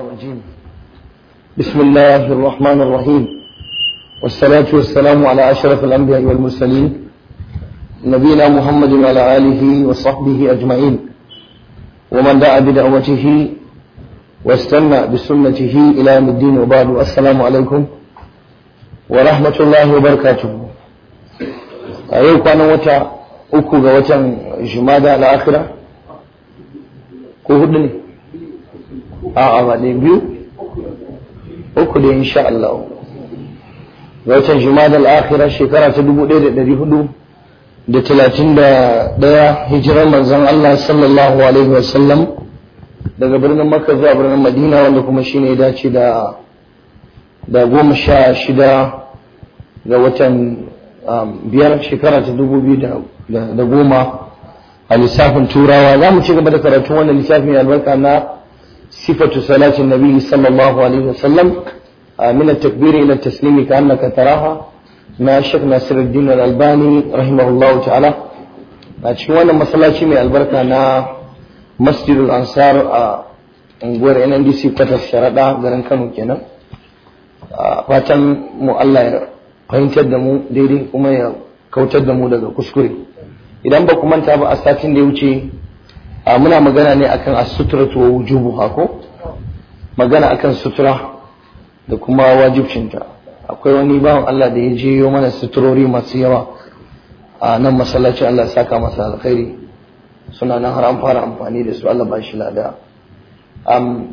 الرجيم بسم الله الرحمن الرحيم والصلاة والسلام على أشرف الأنبياء والمرسلين نبينا محمد وعلى آله وصحبه أجمعين ومن دعا بدعوته واستنى بسنته إلى يوم الدين وبعد السلام عليكم ورحمة الله وبركاته أيوك أنا وتا أكو وتا جمادة الآخرة كوهدني a'a ba biyu uku da insha Allah watan juma'a da akhirah shekara ta ɗaya da talatin da ɗaya hijirar manzon Allah sallallahu alaihi wasallam daga birnin Makka zuwa birnin Madina wanda kuma shine ya dace da da goma sha shida ga watan um, biyar shekara ta dubu biyu da goma a lissafin turawa za mu ci gaba da karatu wannan lissafin albarka na صفة صلاة النبي صلى الله عليه وسلم من التكبير إلى التسليم كأنك تراها مع الشيخ ناصر الدين الألباني رحمه الله تعالى أتشوانا مسلاتي من البركة أنا مسجد الأنصار unguwar NNDC kwatar sharaɗa garin Kano kenan fatan mu Allah ya fahimtar da mu daidai kuma ya kautar da mu daga kuskure idan ba ku manta ba a satin da ya wuce a ah, muna magana ne akan as-sutratu wa wujubu ko magana akan sutura da kuma wajibcinta akwai wani bawan Allah da ya je mana suturori masu yawa a nan masallaci Allah saka masa alkhairi suna nan har an fara amfani da su Allah ba shi lada um,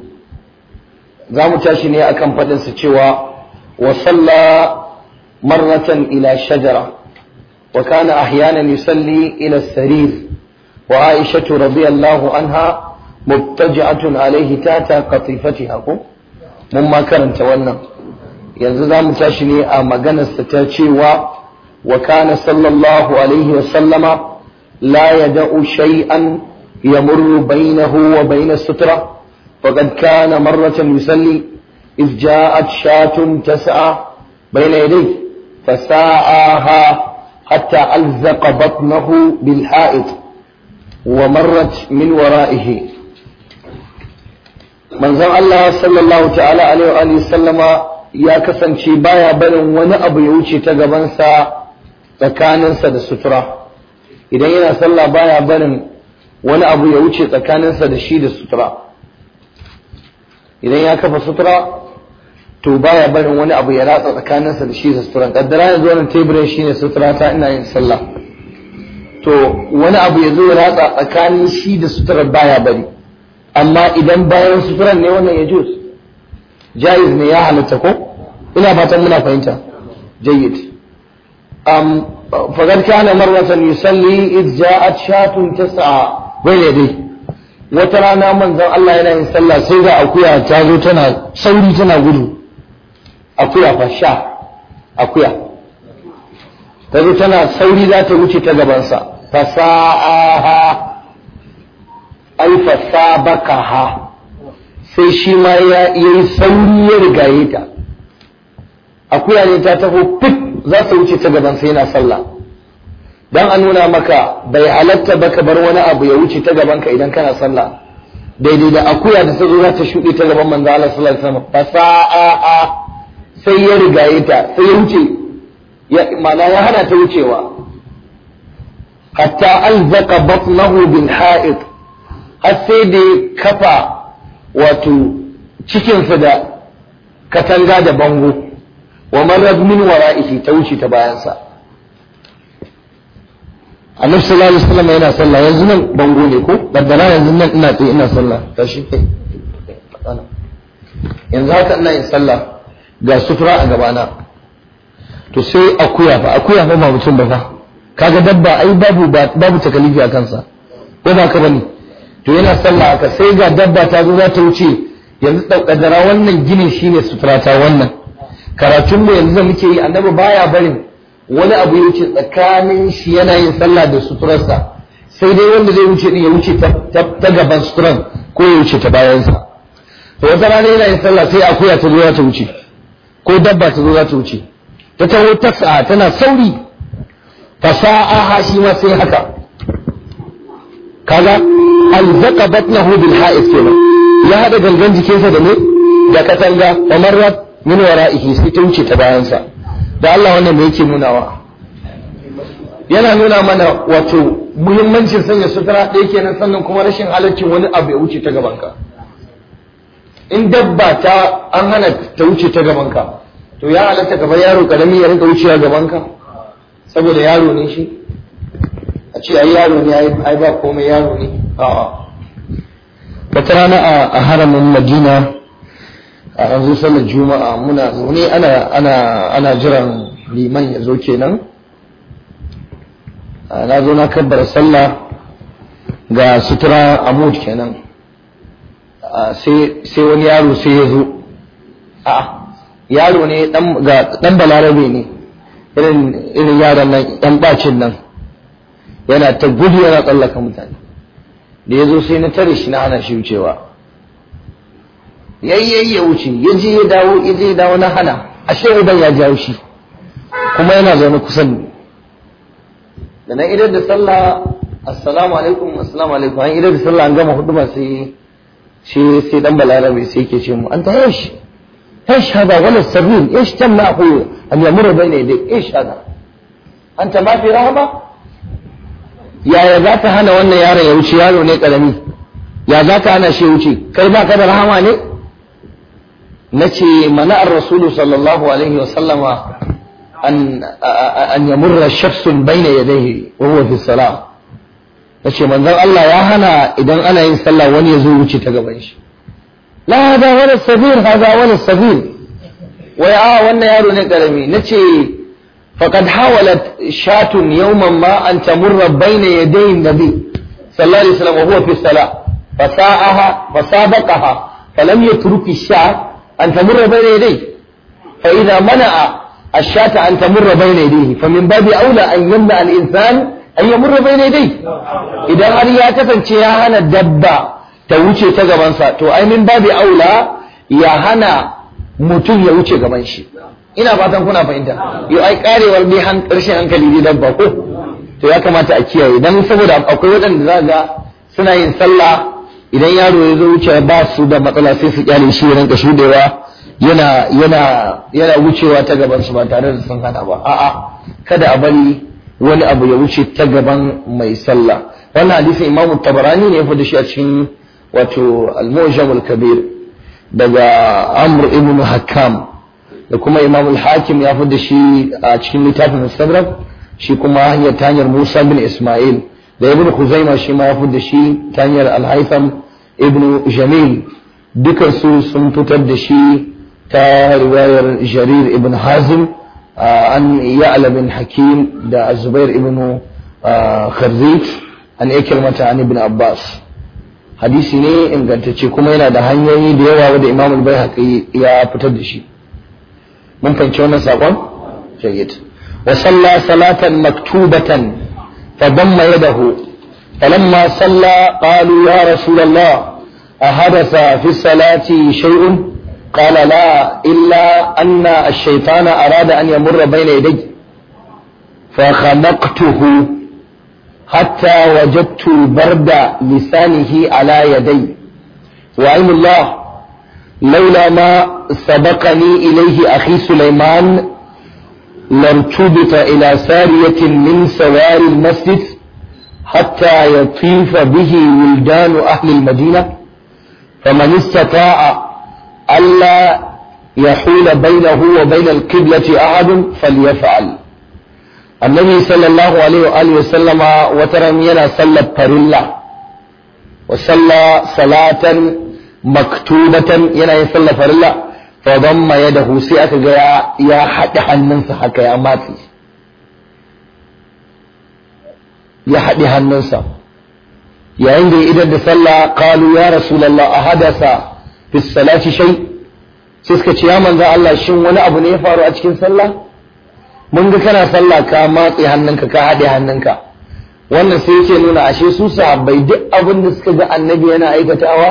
za mu tashi ne akan faɗin su cewa wa salla marratan ila shajara wa kana ahyanan yusalli ila sarir وعائشة رضي الله عنها مبتجعة عليه تاتا قطيفتها مما كرنت ولنا ينزل متاشني أما جنس تاتشي وكان صلى الله عليه وسلم لا يدع شيئا يمر بينه وبين السترة وقد كان مرة يصلي إذ جاءت شاة تسعى بين يديه فساءها حتى ألزق بطنه بالحائط ومرت من ورائه من زم الله صلى الله تعالى عليه وآله وسلم يا كسن بايا بل وانا أبو يوشي تقبنسا tsakaninsa da sutura idan yana sallah baya barin wani abu ya wuce tsakaninsa da shi da sutura idan ya kafa sutura to baya barin wani abu ya ratsa tsakaninsa da shi da sutura kaddara yanzu wannan teburin shine sutura ta ina yin sallah to wani abu ya zo ratsa tsakanin shi da suturar baya bari amma idan bayan suturar ne wannan ya juz jayiz ne ya halatta ko ina fatan muna fahimta jayyid am fagar kana marwatan yusalli id ja'at shatun tas'a wai dai wata rana manzon Allah yana yin sallah sai ga akuya ta zo tana sauri tana gudu akuya fa sha akuya ta zo tana sauri za ta wuce ta gabansa fasa'aha ai fasabakaha sai shi ma ya yi sauri ya yi ta akuya ne ta taho fit za su wuce ta gaban sai yana sallah dan a nuna maka bai halatta ba ka bar wani abu ya wuce ta gaban ka idan kana sallah daidai da akuya da ta za ta shuɗe ta gaban manzo Allah sallallahu alaihi wasallam sai ya yi ta sai ya wuce ma'ana ya hana ta wucewa hatta alzaka batnahu bil ha'id har sai da ya kafa wato cikinsa da katanga da bango wa marad min wara'ihi ta wuce ta bayansa annabi sallallahu alaihi wasallam yana sallah yanzu nan bango ne ko daddana yanzu nan ina tsaye ina sallah ta tashi kai yanzu haka ina yin sallah ga sufura a gabana to sai akuya fa akuya fa ba mutum ba fa kaga dabba ai babu babu takalifi a kansa ko ba ka bane to yana sallah aka sai ga dabba ta zo za ta wuce yanzu daukadara wannan ginin shine suturata wannan karatun mu yanzu da muke yi annabi baya barin wani abu ya wuce tsakanin shi yana yin sallah da suturarsa sai dai wanda zai wuce din ya wuce ta gaban suturan ko ya wuce ta bayansa to wata rana yana yin sallah sai akuya ta zo za ta wuce ko dabba ta zo za ta wuce ta taho tsaya tana sauri fasa'aha shi ma sai haka kaga alzaka batnahu bil ha'is kenan ya hada gangan jikinsa da ne da katanga wa marrat min wara'ihi sai ta wuce ta bayansa da Allah wannan me yake nunawa yana nuna mana wato muhimmancin sanya sutura ɗaya kenan sannan kuma rashin halaccin wani abu ya wuce ta gabanka in dabba ta an hana ta wuce ta gabanka to ya halatta kamar yaro karami ya rinka wucewa gabanka saboda yaro ne shi a ce ai yaro ne ai ba komai yaro ne a'a wata rana a haramin madina a yanzu sallar juma'a muna zaune ana ana ana jiran liman ya zo kenan na zo na kabbar sallah ga sutura amud kenan sai wani yaro sai ya zo a yaro ne dan balarabe ne irin yaran nan ɗan ɓacin nan yana ta gudu yana tsallaka mutane da ya zo sai na tare shi na hana shi wucewa yayyayi ya wuce ya je ya dawo ya je ya dawo na hana ashe idan ya jawo shi kuma yana zaune kusan da na idar da sallah assalamu alaikum assalamu alaikum an idar da sallah an gama hudu sai shi sai dan balarabe sai yake ce mu an tayo shi تشهد ولا السبيل ايش تم اخوه ان يمر بين يديك ايش انت ما في رهبه يا يا ذات هنا wannan yaron ya wuce yaro ne karami ya zaka ana shi wuce kai ba ka da rahama ne nace mana ar-rasul sallallahu alaihi wa sallama an an yamurra shakhsun bayna yadayhi wa huwa fi salah nace manzon Allah ya hana idan ana yin sallah wani ya zo wuce ta gaban shi لا هذا ولا السفير هذا ولا السفير ويا وانا يا رو نتلمي نتشي فقد حاولت شاة يوما ما أن تمر بين يدي النبي صلى الله عليه وسلم وهو في الصلاة فساءها فسابقها فلم يترك الشاة أن تمر بين يديه فإذا منع الشاة أن تمر بين يديه فمن باب أولى أن يمنع الإنسان أن يمر بين يديه إذا هذه هكذا تشيها أنا الدبّة ta wuce ta gabansa to ainihin babu aula ya hana mutum ya wuce gaban shi ina fatan kuna fahimta yo ai karewar bai han karshen hankali ne dabba ko to ya kamata a kiyaye dan saboda akwai waɗanda za ga suna yin sallah idan yaro ya zo wuce ba su da matsala sai su kyale shi ya rinka yana yana yana wucewa ta gaban su ba tare da sun hana ba a'a kada a bari wani abu ya wuce ta gaban mai sallah wannan hadisin imamu tabarani ne ya fada shi a cikin wato al-mujam al-kabir daga amr ibn hakam da kuma imam al-hakim ya fi da shi a cikin littafin sadrak shi kuma hanyar tanyar musa bin isma'il da ibn khuzaima shi ma ya fi da shi tanyar al-haitham ibn jamil dukan su sun fitar da shi ta riwayar jarir ibn hazim an ya'la bin hakim da zubair ibn kharzit an ikirmata an ibn abbas hadisi ne ingantacce kuma yana da hanyoyi da yawa wanda imam bai baihaqi ya fitar da shi mun fahimci wannan sakon jayyid wa salla salatan maktubatan fa damma yadahu falamma salla qalu ya rasulullah أحدث في الصلاة شيء قال لا إلا أن الشيطان أراد أن يمر بين يدي فخنقته حتى وجدت البرد لسانه على يدي وعلم الله لولا ما سبقني إليه أخي سليمان لم تبط إلى سارية من سوار المسجد حتى يطيف به ولدان أهل المدينة فمن استطاع ألا يحول بينه وبين القبلة أحد فليفعل annabi sallallahu alaihi wa sallama wata wataran yana sallar farilla wa salla salatan maktubatan yana yin sallar farilla fa damma yadahu sai aka ga ya haɗe hannunsa haka ya matsi ya haɗe hannunsa yayin da ya idar da sallah qalu ya rasulullah a hadasa fi salati shay sai suka ce ya manzo Allah shin wani abu ne ya faru a cikin sallah mun ga kana sallah ka matse hannunka ka haɗe hannunka wannan sai yake nuna ashe su sahabbai duk abin da suka ga annabi yana aikatawa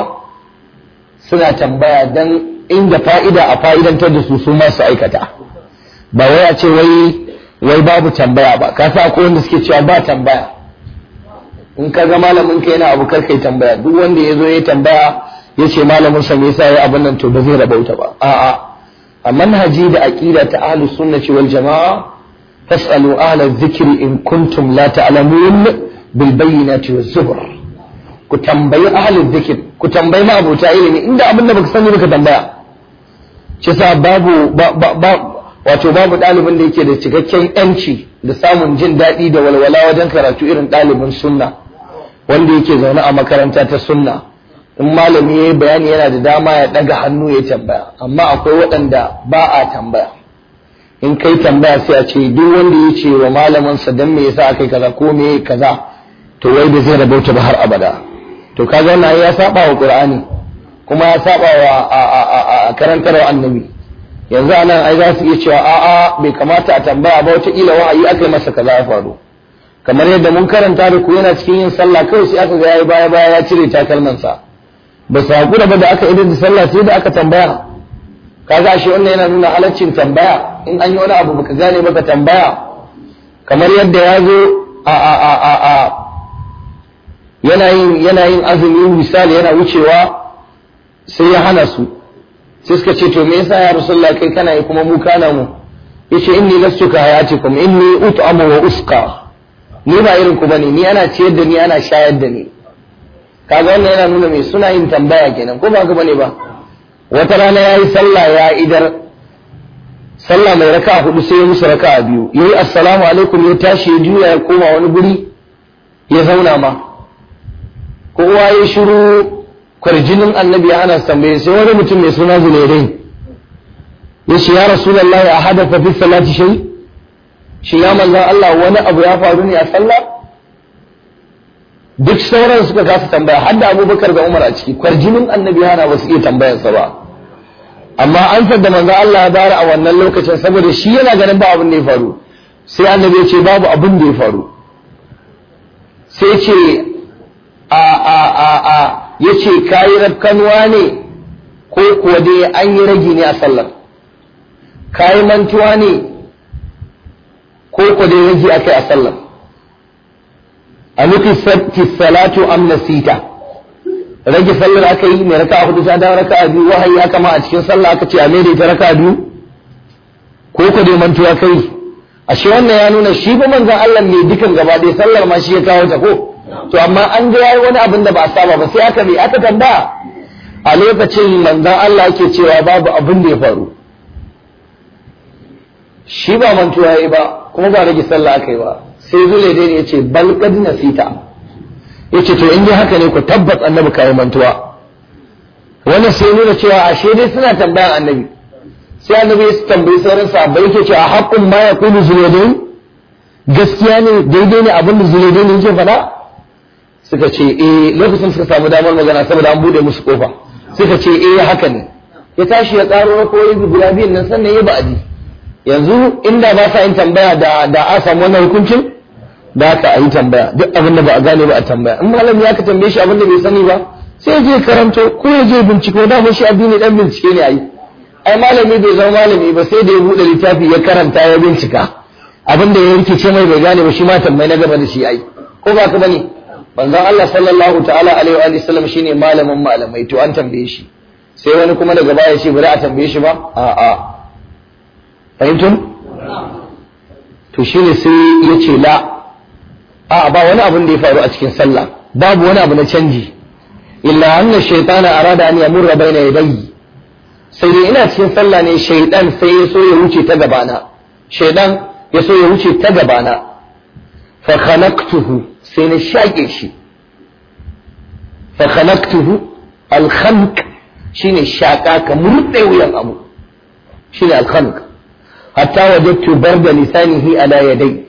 suna tambaya dan inda fa'ida a fa'idantar da su su ma su aikata ba wai a ce wai wai babu tambaya ba ka sa ko wanda suke cewa ba tambaya in ka ga malamin ka yana abu karkai tambaya duk wanda ya zo ya tambaya ya ce malamin sa me yasa ya abin nan to ba zai rabauta ba a'a a manhaji da aqida ta ahlus sunnah wal jama'a فاسألوا أهل الذكر إن كنتم لا تعلمون بالبينات والزبر كتنبي أهل الذكر كتنبي ما أبو تعيلني إن ده أبنى بكساني بك تنبي شسا بابو باب باب wato babu ɗalibin da yake da cikakken ‘yanci da samun jin daɗi da walwala wajen karatu irin ɗalibin sunna wanda yake zaune a makaranta ta sunna in malami ya yi bayani yana da dama ya ɗaga hannu ya tambaya amma akwai waɗanda ba a tambaya in kai tambaya sai a ce duk wanda ya ce wa sa dan me yasa akai kaza ko me kaza to wai da zai rabauta ba har abada to kaga wannan ya saba wa qur'ani kuma ya saba wa karantar annabi yanzu anan ai za su iya cewa a'a bai kamata a tambaya ba wata ila wa'ayi akai masa kaza ya faru kamar yadda mun karanta da ku yana cikin yin sallah kawai sai aka ga yayi baya baya ya cire takalmansa ba su haƙura ba da aka idan da sallah sai da aka tambaya kaga ashe wannan yana nuna halaccin tambaya in an yi wani abu baka gane baka tambaya kamar yadda ya zo a a a a a yana yin azumi misali yana wucewa sai ya hana su sai suka ce to me yasa ya rasulullah kai kana yi kuma mu kana mu yace inni lastu ka hayatikum inni ut'amu wa usqa ni ba irin ku bane ni ana ciyar da ni ana shayar da ni kaga wannan yana nuna me suna yin tambaya kenan ko ba ka bane ba wata rana yayi sallah ya idar sallah mai raka'a hudu sai ya musu raka'a biyu yayi assalamu alaikum ya tashi ya juya ya koma wani guri ya zauna ma kowa ya shiru kwarjinin annabi ana tambaye sai wani mutum mai suna zulairai ya ce ya rasulullahi a hadafa fi salati shai, shi ya Allah wani abu ya faru ne a sallah duk sauran suka kasa tambaya hadda Abubakar da Umar a ciki kwarjinin annabi hana ba su iya sa ba amma an da manzo Allah ya bayar a wannan lokacin saboda shi yana ganin ba abin da ya faru sai annabi ya ce babu abin da ya faru sai ce a a a a yace kai rafkanwa ne ko kuwa dai an yi ragi ne a sallar kai mantuwa ne ko kuwa dai ragi akai a sallar a nufi salatu am nasita rage sallar aka yi mai raka a hudu ta raka a biyu wahayi aka ma a cikin sallah aka ce a mere ta a biyu ko ko dai mantuwa kai ashe wannan ya nuna shi ba manzon Allah ne dukan gaba ɗaya sallar ma shi ya kawo ta ko to amma an ga yayi wani abin da ba a saba ba sai aka mai aka tanda? a lokacin manzon Allah yake cewa babu abin da ya faru shi ba mantuwa yayi ba kuma ba rage sallar aka yi ba sai zule dai ne ya ce bal qad nasita yace to in dai haka ne ku tabbas annabi kai mantuwa wannan sai nuna cewa ashe dai suna tambayan annabi sai annabi ya tambayi sauran bai yake cewa haqqun ma yaqulu zulaydin gaskiya ne daidai ne abin da ne yake faɗa suka ce eh lokacin suka samu damar magana saboda an bude musu kofa suka ce eh haka ne ya tashi ya tsaro na koyi guda biyun nan sannan ya ba'adi yanzu inda ba sa yin tambaya da da a samu wannan hukuncin da ka yi tambaya duk abin da ba a gane ba a tambaya in malam ya ka tambaye shi abin da bai sani ba sai je karanto ko ya je bincike da shi addini dan bincike ne ayi ai malami bai zama malami ba sai da ya bude littafi ya karanta ya bincika abin da ya rikice mai bai gane ba shi ma tambayi na gaba da shi ai ko ba ka bane manzon Allah sallallahu ta'ala alaihi wa sallam shine malamin malamai to an tambaye shi sai wani kuma daga baya ce bari a tambaye shi ba a a fahimtum to shine sai ya ce la a'a ba wani abin da ya faru a cikin sallah babu wani abu na canji illa anna shaytana arada an yamurra baina yadayhi sai dai ina cikin sallah ne shaydan sai ya so ya wuce ta gabana shaydan ya so ya wuce ta gabana fa khalaqtuhu sai na shake shi fa khalaqtuhu al khalq shine shaka ka murde wuyan abu shine al khalq hatta wajadtu barda lisanihi ala yadayhi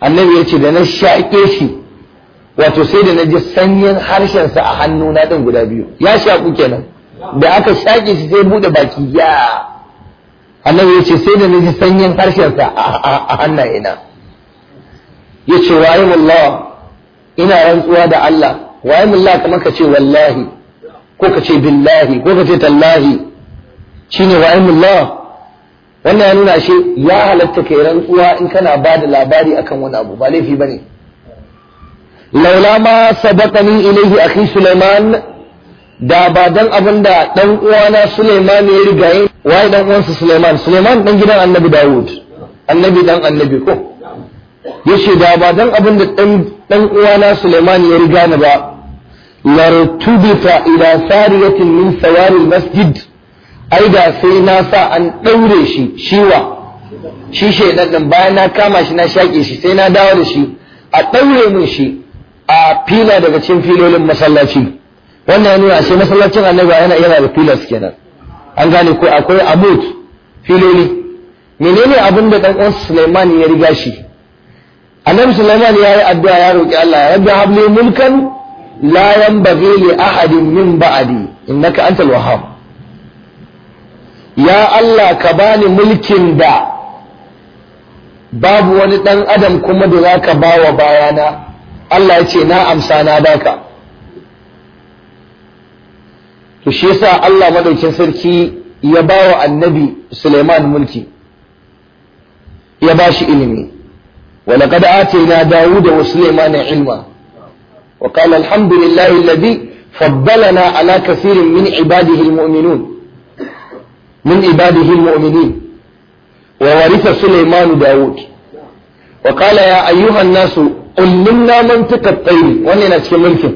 annabi ya ce da na shaƙe shi wato sai da na ji sanyin harshensa a hannuna ɗin guda biyu ya shaƙu kenan da aka shaƙe shi sai buɗe baki ya annabi ya ce sai da na ji sanyin harshensa a hannayena ya ce waye mullah ina rantsuwa da Allah waye mullah kamar ka ce wallahi ko ka ce billahi ko ka ce tallahi shine waye mullah wannan ya nuna shi ya halatta kai rantsuwa in kana ba da labari akan wani abu ba laifi bane laula ma sabaqani ilayhi akhi sulaiman da ba dan abin da dan uwana sulaiman ya riga yi wai dan uwansa sulaiman sulaiman dan gidan annabi dawud annabi dan annabi ko yace da ba dan abin da dan dan uwana sulaiman ya riga ni ba lartubita ila sariyatin min sawari masjid ai da sai na sa an ɗaure shi shiwa shi shaidan bayan na kama shi na shaƙe shi sai na dawo da shi a ɗaure min shi a fila daga cikin filolin masallaci wannan ya nuna ashe masallacin annabi yana yana da filas kenan an gane ko akwai abut filoli menene abin da dan uwan Sulaiman ya riga shi annabi Suleiman ya yi addu'a ya roki Allah ya rabbi habli mulkan la yanbaghi li ahadin min ba'di innaka antal wahhab ya Allah ka bani mulkin da babu wani ɗan adam kuma da za ka ba wa bayana Allah ya ce na amsa na baka to shi yasa Allah madaukin sarki ya ba wa annabi Suleiman mulki ya ba shi ilimi ولقد آتينا داود وسليمان علما وقال الحمد لله الذي فضلنا على كثير من عباده المؤمنون من عباده المؤمنين وورث سليمان داود وقال يا أيها الناس قل منا منطق الطير وانا نسكي ملكه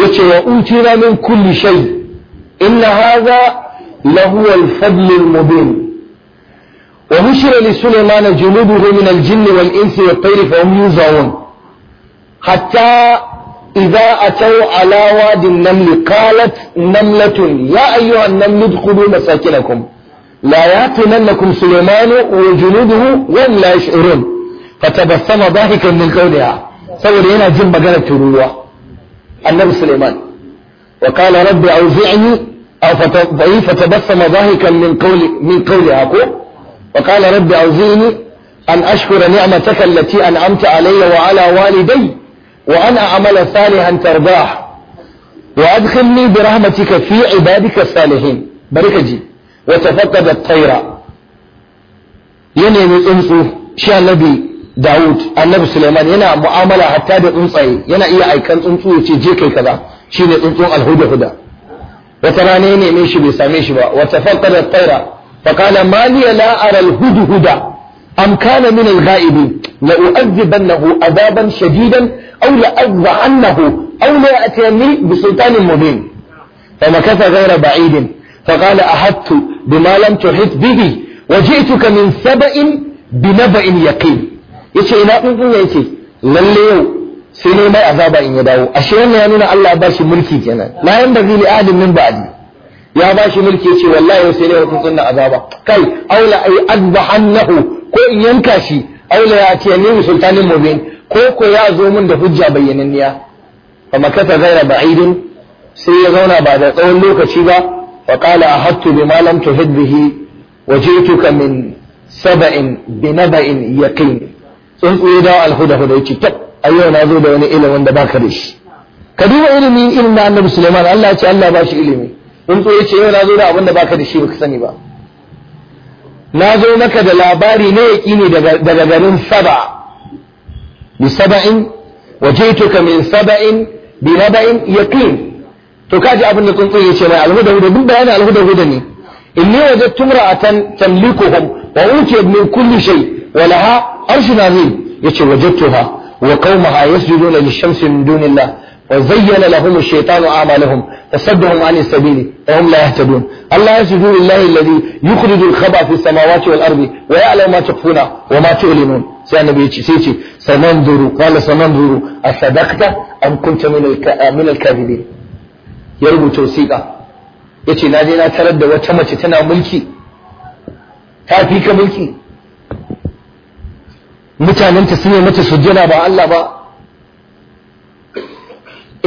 يتشي وأوتينا من كل شيء إن هذا لهو الفضل المبين وهشر لسليمان جنوده من الجن والإنس والطير فهم يوزعون حتى إذا أتوا على واد النمل قالت نملة يا أيها النمل ادخلوا مساكنكم لا يأتمنكم سليمان وجنوده وهم لا يشعرون فتبسم ضاحكا من قولها صور هنا جنب قالت تروى النبي سليمان وقال ربي أوزعني أو فتبسم ضاحكا من قول من قولها وقال ربي أوزعني أن أشكر نعمتك التي أنعمت علي وعلى والدي وأن أعمل صالحا ترضاه وأدخلني برحمتك في عبادك الصالحين بركجي وتفقد الطير ينمي أنسو شاء النبي داود النبي سليمان ينا معاملة حتى بأنصي ينا إيا أي كان أنسو يتجيكي كذا شين أنسو الهدى هدى وترانيني ميشي بساميشي وتفقد الطير فقال ما لي لا أرى الهدى هدى أم كان من الغائبين لأؤذبنه عذابا شديدا أو لأذعنه أو ليأتيني بسلطان مبين فمكث غير بعيد فقال أحدت بما لم تحط به وجئتك من سبأ بنبأ يقين yace ina tsuntsun ya ce lalle yau sai ne azaba in ya dawo ashe wannan ya nuna Allah ba shi mulki kenan la yan bazi li adin min ba'di ya ba mulki yace wallahi yau sai ne azaba kai aula ay azbahannahu ko in yanka shi aula ya ko ko ya zo min da hujja bayyananniya fa makata ghaira ba'idin sai ya zauna ba da tsawon lokaci ba fa qala ahattu bima lam tuhid bihi wajituka min saba'in bi naba'in yaqin tsuntsu ya dawo alhuda huda yace tab ayyau na zo da wani ilimin da baka da shi ka duba ilimin ilimin da Annabi Sulaiman Allah ya ce Allah ba shi ilimi tsuntsu ce yau na zo da abin da baka da shi baka sani ba na zo maka da labari na yaƙini daga garin saba بسبع وجئتك من سبع بنبع يقين to kaji abin da ya ce mai alhuda huda duk bayani alhuda huda ne inni wajadtu imra'atan tamlikuhum wa utiyat min kulli shay wa laha arshun azim yace wajadtuha wa qaumaha yasjuduna lishamsi min dunillah وزين لهم الشيطان أعمالهم فصدهم عن السبيل وهم لا يهتدون الله يسجد لله الذي يخرج الخبأ في السماوات والأرض ويعلم ما تخفون وما تعلنون سيدنا سيتي سننظر قال سننظر أصدقت أم كنت من من الكاذبين يربو توسيقا yace na je na tarar da wata mace tana mulki ta fi ka mulki mutanenta su ne mata sujjada ba Allah ba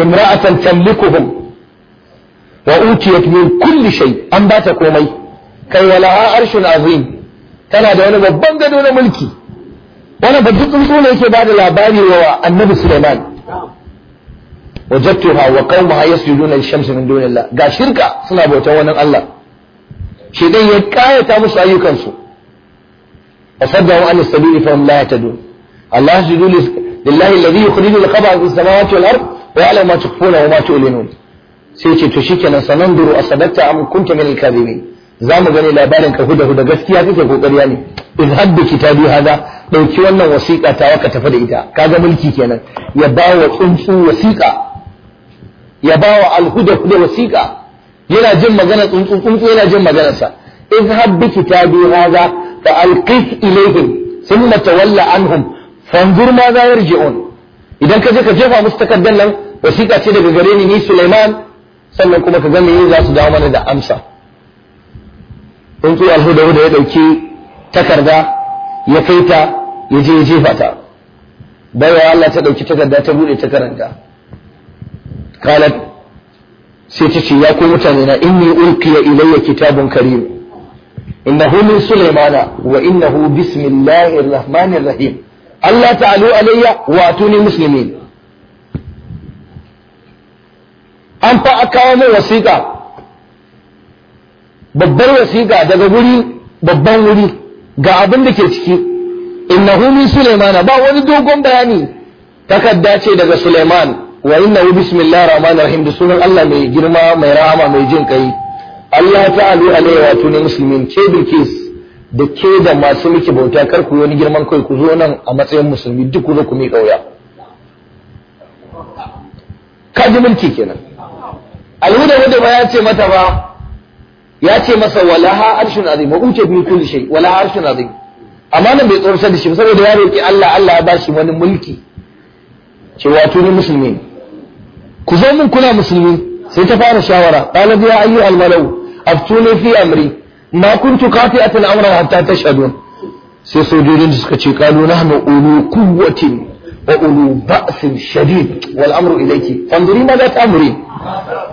imra'atan tamlikuhum wa utiyat min kulli shay an bata komai kai walaha arshun azim tana da wani babban gado na mulki wannan ba duk tsuntsu ne yake bada labari wa annabi Sulaiman wajadtuha wa qaumaha yasjuduna lish-shamsi min dunillah ga shirka suna bautar wannan Allah shi dai ya kayata musu ayyukansu fasaddahu an as-sabili fa hum la yahtadun Allah yasjudu lillahi alladhi yukhrijul khabara fis samawati wal ardh wa ya'lamu ma tukfuna wa ma tu'linun sai ce to shikenan sanan duru asadatta am kunta min al-kadhibin za mu gani labarin ka huda huda gaskiya kake kokariya ne idhab bi kitabi hada dauki wannan wasiƙa ta waka tafi da ita kaga mulki kenan ya bawa tsuntsu wasiƙa ya bawa al-huda wasiƙa yana jin magana tsuntsu tsuntsu yana jin maganarsa idhab bi kitabi hada fa alqif ilayhim thumma tawalla anhum fanzur ma za yarji'un idan ka je ka jefa musu takaddan nan wasiƙa ce daga gare ni ni Sulaiman sannan kuma ka ga me za su dawo mana da amsa tsuntsu alhuda da ya dauki takarda ya kaita, ta ya je ya jefa ta bayan Allah ta dauki takarda ta bude ta karanta kalat sai ta ce ya ku mutane na inni ulqiya ilayya kitabun karim innahu min sulaimana wa innahu bismillahir rahmanir rahim Allah ta'alu alayya wa atuni muslimin an fa aka kawo min wasiƙa babbar wasiƙa daga wuri babban wuri ga abin da ke ciki innahu min sulaimana ba wani dogon bayani takarda ce daga sulaiman wa hu bismillahir rahmanir rahim da sunan Allah mai girma mai rahama mai jin kai Allah ta'alu alaihi wa tuni muslimin ce bilkis da ke da masu miki bauta kar ku wani girman kai ku zo nan a matsayin musulmi duk ku zo ku mi kauya kaji mulki kenan alhuda wanda ba ya ce mata ba ya ce masa walaha arshun azim wa uke bi kulli shay walaha arshun azim amma nan bai tsorsar da shi ba saboda ya roki Allah Allah ya bashi wani mulki ce wato ni musulmi ku zo mun kuna musulmi sai ta fara shawara qala ya ayyu al malau aftuni fi amri ma kuntu qati'atan amran hatta tashhadun sai sojojin suka ce qalu nahnu ulu quwwatin وأولو بأس شديد والأمر إليك فانظري ماذا تأمري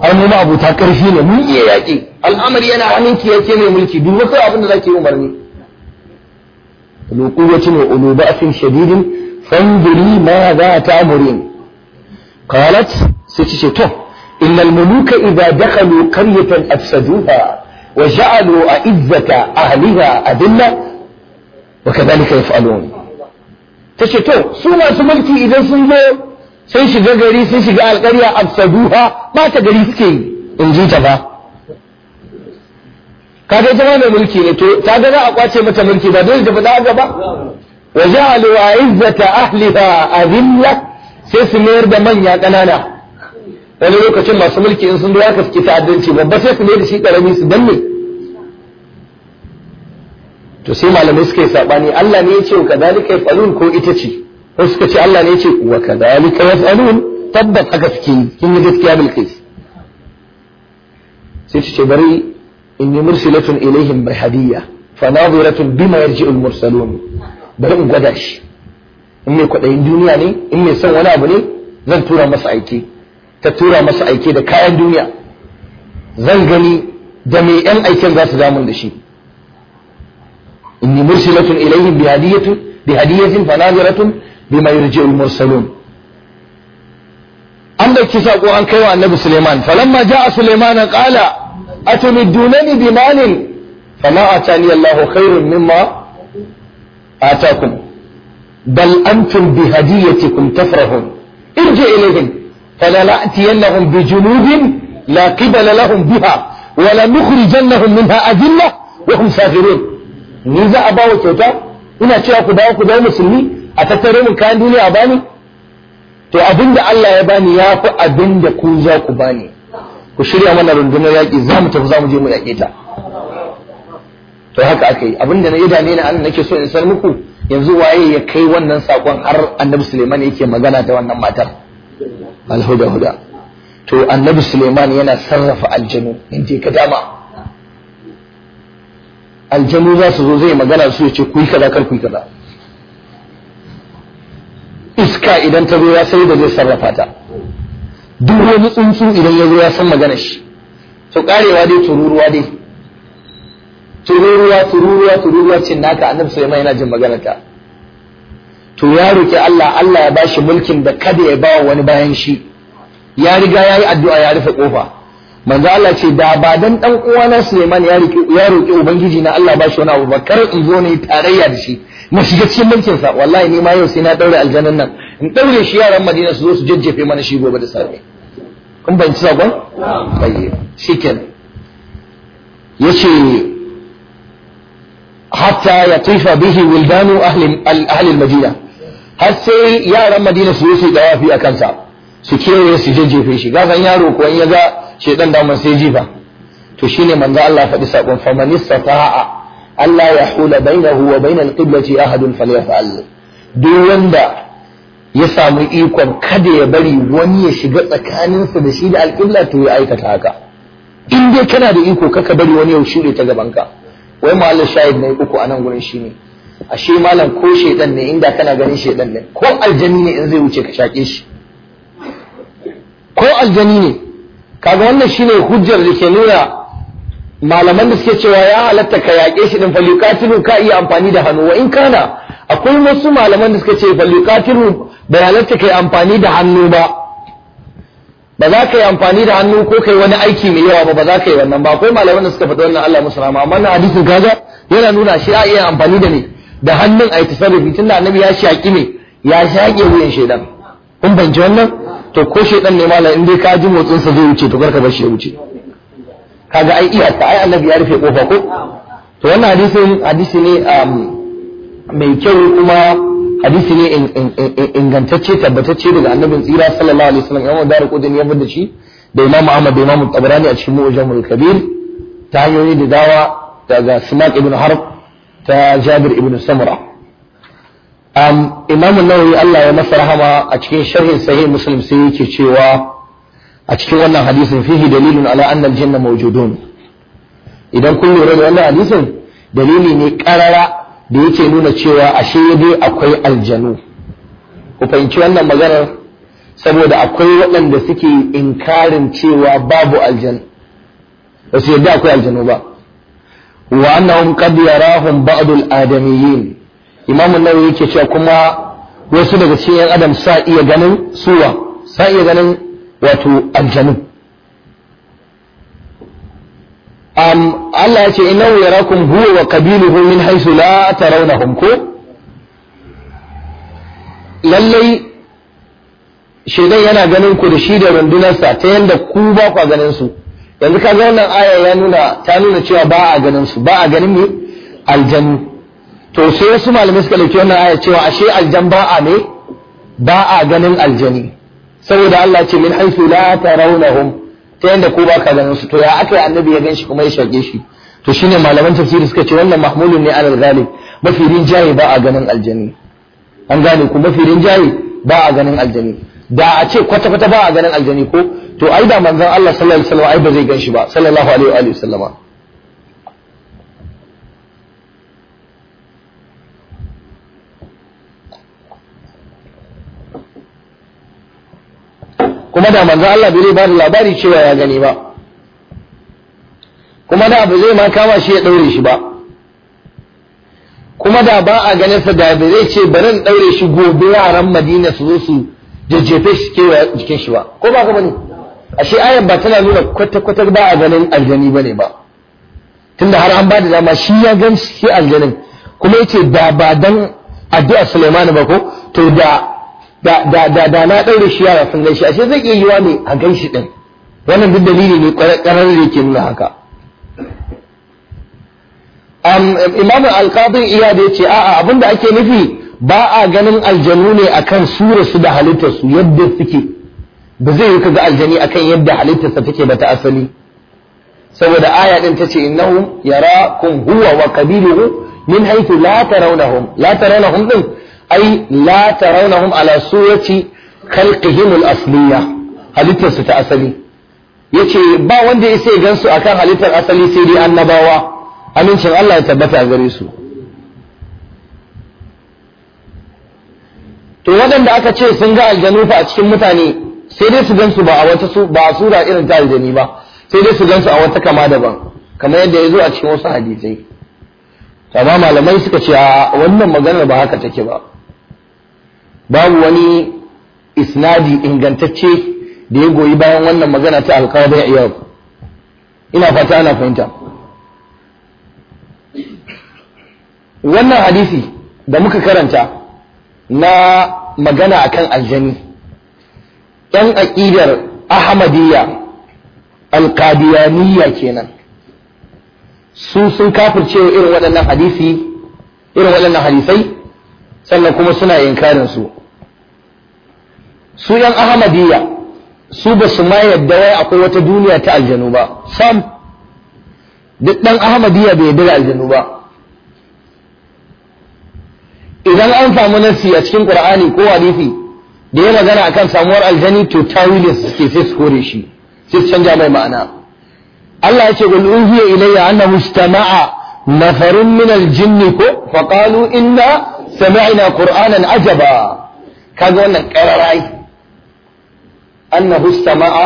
أنا ما أبو تاكر فينا من يأتي الأمر ينا عنك يأتي من ملكي دون وقت أبن ذاك أمرني أولو قوة وأولو بأس شديد فانظري ماذا تأمرين قالت ستشتو إن الملوك إذا دخلوا قرية أفسدوها وجعلوا أئذة أهلها أذلة وكذلك يفعلون ta ce to su masu mulki idan sun zo sun shiga gari sun shiga alƙarya absaduha ba ta gari suke yi in ji ta ba ka ga jama mai mulki ne to ta ga za a kwace mata mulki ba dole ta faɗa gaba wa ja'alu izzata ahliha azilla sai su mayar da manya ƙanana wani lokacin masu mulki in sun zo haka suke ta'addanci babba sai su mayar da shi ƙarami su danne to sai malamai suka yi sabani Allah ne ya ce wa kadhalika yaf'alun ko ita ce ko suka ce Allah ne ya ce wa kadhalika yaf'alun tabbas haka suke kin yi gaskiya bil kai sai ce bari inni mursilatun ilaihim bi hadiyya fa nadiratun bima yarji'ul mursalun bari in gwada shi in mai kwaɗayin duniya ne in mai son wani abu ne zan tura masa aiki ta tura masa aiki da kayan duniya zan gani da mai yan aikin za su damun da shi إني مرسلة إليهم بهدية, بهدية فناظرة بما يرجع المرسلون عند اتساق وعن كيوى النبي سليمان فلما جاء سليمان قال أتمدونني بمال فما أتاني الله خير مما آتاكم بل أنتم بهديتكم تفرحون ارجع إليهم فلنأتينهم بجنود لا قبل لهم بها ولنخرجنهم منها أذلة وهم ساغرون ni za a ba wa kyauta ina cewa ku dawo ku dawo musulmi a tattare mun kayan duniya a bani to abin da Allah ya bani ya fi abin da ku za ku bani ku shirya mana rundunar yaƙi za mu tafi za mu je mu yaƙe ta to haka aka yi abin da na ida ne na Allah nake so in san muku yanzu waye ya kai wannan sakon har annabi Suleiman yake magana da wannan matar alhuda huda to annabi Suleiman yana sarrafa aljanu in ka dama aljanu za su zo zai magana su ce ku yi kaza kar ku yi kaza iska idan ta zo ya sai da zai sarrafa ta duk wani tsuntsu idan ya zo ya san magana shi to karewa dai tururuwa dai tururuwa tururuwa tururuwa cin naka annabi sulaiman yana jin magana ta to ya roki Allah Allah ya bashi mulkin da kada ya bawa wani bayan shi ya riga yayi addu'a ya rufe kofa manzo Allah ce da ba dan dan uwana Suleiman ya roki ya roki ubangiji na Allah ba shi wani abu ba kar in zo ne tarayya da shi na shiga cikin mulkin sa wallahi ni ma yau sai na daure aljannan nan in daure shi yaran Madina su zo su jajjefe mana shi gobe da safe kun ban ci sakon bayye shiken yace hatta yatifa bihi wildanu ahli ahli al-Madina har sai yaran Madina su yi dawafi a sa su kiyaye su jajjefe shi gaban yaro ko in ya ga ce dan mun sai jifa to shine manzo Allah faɗi sakon a Allah ya hula bainahu wa bainal qiblati ahadun falyaf'al duk wanda ya samu ikon kada ya bari wani ya shiga tsakaninsa da shi da alƙibla to ya aikata haka in dai kana da iko kaka bari wani ya shure ta gaban ka wai ma'allar shahid ne uku anan gurin shi ne ashe malam ko shedan ne inda kana ganin shedan ne ko aljani ne in zai wuce ka shake shi ko aljani ne kaga wannan shine hujjar da ke nuna malaman da suke cewa ya halatta ka yaƙe shi din falyuqatilu ka iya amfani da hannu wa in kana akwai wasu malaman da suka ce ba ya halatta yi amfani da hannu ba ba za ka yi amfani da hannu ko kai wani aiki mai yawa ba ba za ka yi wannan ba akwai malaman da suka faɗi wannan Allah musu rahama amma na hadisin kaga yana nuna shi a iya amfani da ne da hannun a yi tasarrufi tunda annabi ya shaƙi ne ya shaƙe wuyan shaidan kun banci wannan to ko shedan ne malam in dai ka ji motsin sa zai wuce to karka bar shi ya wuce kaga ai ta ai annabi ya rufe kofa ko to wannan hadisin hadisi ne um, mai kyau kuma hadisi ne ingantacce tabbatacce daga annabin tsira sallallahu alaihi wasallam da daru kudin ya bada shi da imamu ahmad da imamu tabarani a cikin mu'jamul kabir ta hanyoyi da dawa daga sumak ibn harb ta jabir ibn samura um, imam nawawi Allah ya masa rahama a cikin sharhin sahih muslim sai yake cewa a cikin wannan hadisin fihi dalilun ala anna aljanna mawjudun idan kun lura da wannan hadisin dalili ne karara da yake nuna cewa ashe dai akwai aljanu ku fahimci wannan maganar saboda akwai waɗanda suke inkarin cewa babu aljanu ba su yadda akwai aljanu ba wa annahum qad yarahum ba'd al-adamiyyin imamu nan yake cewa kuma wasu daga cikin yan adam sa iya ganin suwa sa iya ganin wato aljanu am Allah ya ce innahu yarakum huwa wa qabiluhu min haythu la tarawnahum ko lallai shaidan yana ganin ku da shi da rundunar sa ta yanda ku ba ku ganin su yanzu ka ga wannan aya ya nuna ta nuna cewa ba a ganin su ba a ganin me aljanu to sai wasu malamai suka dauki wannan aya cewa ashe aljan ba a ne ba a ganin aljani saboda Allah ce min haythu la tarawnahum ta yanda ko ba ka ganin su to ya aka yi annabi ya ganshi kuma ya shage shi to shine malaman tafsiri suka ce wannan mahmulun ne alal ghalib mafi rinjaye ba a ganin aljani an gane ku mafi rinjaye ba a ganin aljani da a ce kwata kwata ba a ganin aljani ko to ai da manzon Allah sallallahu alaihi wasallam ai ba zai ganshi ba sallallahu alaihi wa sallama kuma da manzo Allah bai ba da labari cewa ya gani ba kuma da abu zai ma kama shi ya daure shi ba kuma da ba a ganin sa da bai ce barin daure shi gobe yaran Madina su zo su jajjefe shi kewa jikin shi ba ko ba ka bane ashe ayan ba tana nuna kwata-kwata ba a ganin aljani bane ba tunda har an ba da dama shi ya gan shi aljanin kuma yace da ba dan addu'a Sulaiman ba ko to da da da da da na daure shi yara sun gaishe ashe zai iya yiwa ne a gaishe din wannan duk dalili ne ƙarar da yake nuna haka imamu alƙadin iya da ya ce a'a abinda ake nufi ba a ganin aljanu ne akan sura su da halittarsu yadda suke ba zai yi kaga aljani akan yadda halittarsa take ba ta asali saboda aya din tace innahu yarakum huwa wa qabiluhu min haythu la tarawnahum la tarawnahum din ai la tarawnahum ala surati khalqihim al-asliya halittar su ta asali yace ba wanda ya ya gansu akan halittar asali sai dai annabawa amincin Allah ya tabbata a gare su to waɗanda aka ce sun ga aljanu fa a cikin mutane sai dai su gansu ba a wata ba sura irin ta aljani ba sai dai su gansu a wata kama daban kamar yadda ya zo a cikin wasu hadisai amma malamai suka ce a wannan maganar ba haka take ba babu wani isnadi ingantacce da ya goyi bayan wannan magana ta alƙawar iyab ina fata ana fahimta wannan hadisi da muka karanta na magana a kan aljani yan aƙidar ahmadiyya alƙadiyaniya kenan su sun kafin irin irin waɗannan hadisai sannan kuma suna inkarin su su yan ahmadiyya su ba su ma yadda wai akwai wata duniya ta aljanu ba sam duk dan ahmadiyya bai yadda da aljanu ba idan an samu nasi a cikin qur'ani ko hadisi da ya magana akan samuwar aljani to tawilin suke sai su kore shi sai su canja mai ma'ana Allah ya ce qul uhiya ilayya annahu istama'a nafarun min aljinni ko faqalu inna sami'na qur'anan ajaba kaga wannan qararai annahu sama'a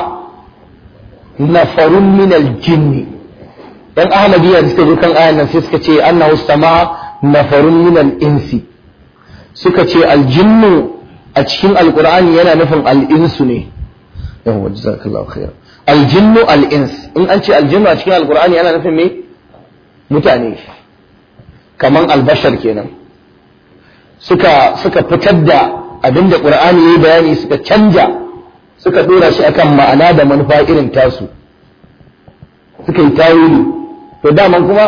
nafarun min al-jinn dan ahmadiyya da suka zo kan ayan nan sai suka ce annahu sama'a nafarun min al suka ce al a cikin alqur'ani yana nufin al ne yawwa jazakallahu in an ce a cikin yana nufin mutane kaman albashar kenan suka suka fitar da abin da qur'ani yayi bayani suka canja suka dora shi akan ma'ana da manufa irin tasu suka yi tawili to daman kuma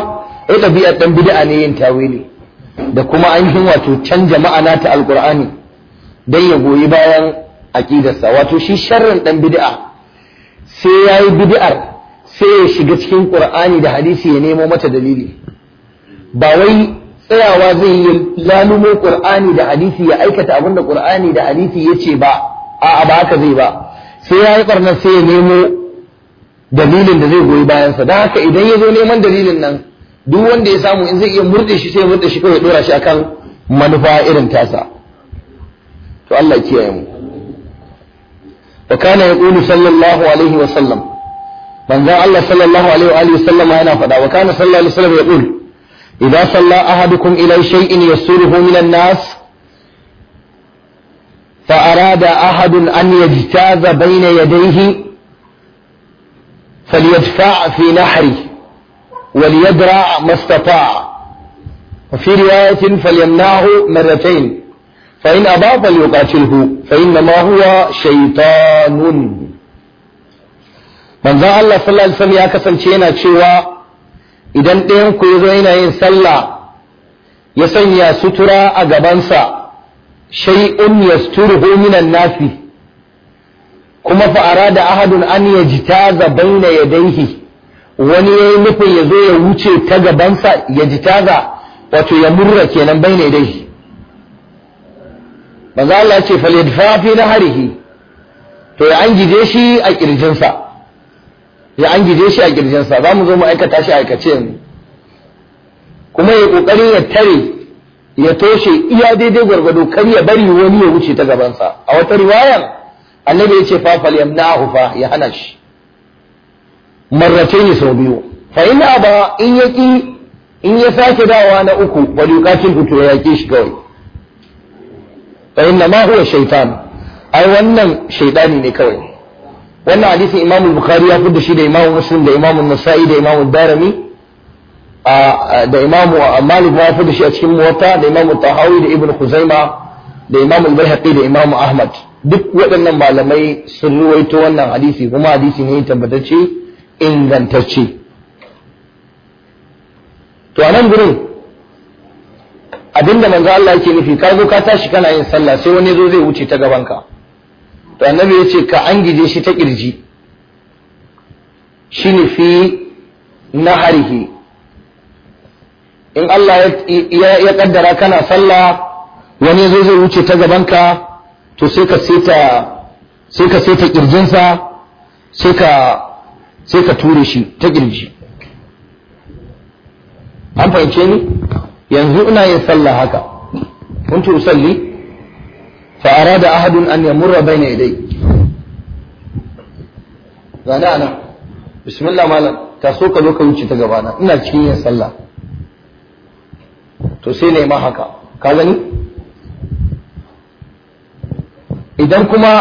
ai tabi'a dan bid'a ne yin tawili da kuma an ainihin wato canja ma'ana ta alqur'ani dan ya goyi bayan aqidarsa wato shi sharrin dan bid'a sai yayi bid'ar sai ya shiga cikin qur'ani da hadisi ya nemo mata dalili ba wai tsayawa zai yi lalumo qur'ani da hadisi ya aikata abin da qur'ani da hadisi ce ba a'a ba haka zai ba sai ya yi barna sai ya nemo dalilin da zai goyi bayan sa dan haka idan ya zo neman dalilin nan duk wanda ya samu in zai iya murde shi sai murde shi kawai ya dora shi akan manufa irin tasa to Allah kiyaye mu wa kana yaqulu sallallahu alaihi wa sallam manzo Allah sallallahu alaihi wa sallam yana fada wa kana sallallahu alaihi wa sallam yaqulu إذا صلى أحدكم إلى شيء يسره من الناس فأراد أحد أن يجتاز بين يديه فليدفع في نحره وليدرع ما استطاع وفي رواية فليمنعه مرتين فإن أبى فليقاتله فإنما هو شيطان من ذا الله صلى الله عليه وسلم يا كسن شينا idan ɗayan ku ya zo yana yin sallah ya sanya sutura a gabansa shai 'un ya yasturuhu hominan nafi kuma fa'ara da ahadun an ya na baina daihi wani ya yi nufin ya zo ya wuce ta gabansa ya ga wato ya murra kenan baina Ba za Allah ya ce falyadfa na harihi to ya an gije shi a ƙirjinsa. ya an gije shi a kirjinsa za mu zo mu aikata shi aikace mu. kuma ya kokari ya tare ya toshe iya daidai gwargwado kar ya bari wani ya wuce ta gabansa a wata riwayar annabi ya ce fa fal yamnahu fa ya hana shi marratayn sau biyu fa in aba in yaki in ya sake dawa na uku wal yuqatil to ya yake shi kawai fa inna ma huwa shaytan ai wannan shaytani ne kawai wannan hadisin imam bukhari ya da shi da imam muslim da imam nasa'i da imam darami da imam malik ma ya da shi a cikin muwatta da imam tahawi da ibn khuzaima da imam al bayhaqi da imam ahmad duk waɗannan malamai sun ruwaito wannan hadisi kuma hadisi ne tabbatacce ingantacce to anan gurin abinda manzo Allah yake nufi ka zo ka tashi kana yin sallah sai wani zo zai wuce ta gaban ka. to annabi ya ce ka an gije shi ta kirji shi ne fi naharihi in Allah ya kaddara kana sallah wani zai zai wuce ta gabanka to sai ka sai ka seta kirjinsa sai ka ture shi ta kirji an fahimce ni yanzu ina yin sallah haka kuntu usalli fa da ahadun an yamurra bayna yadai gani anan bismillah malam ka so ka zo ka ta gabana ina cikin yin sallah to sai ne ma haka ka gani idan kuma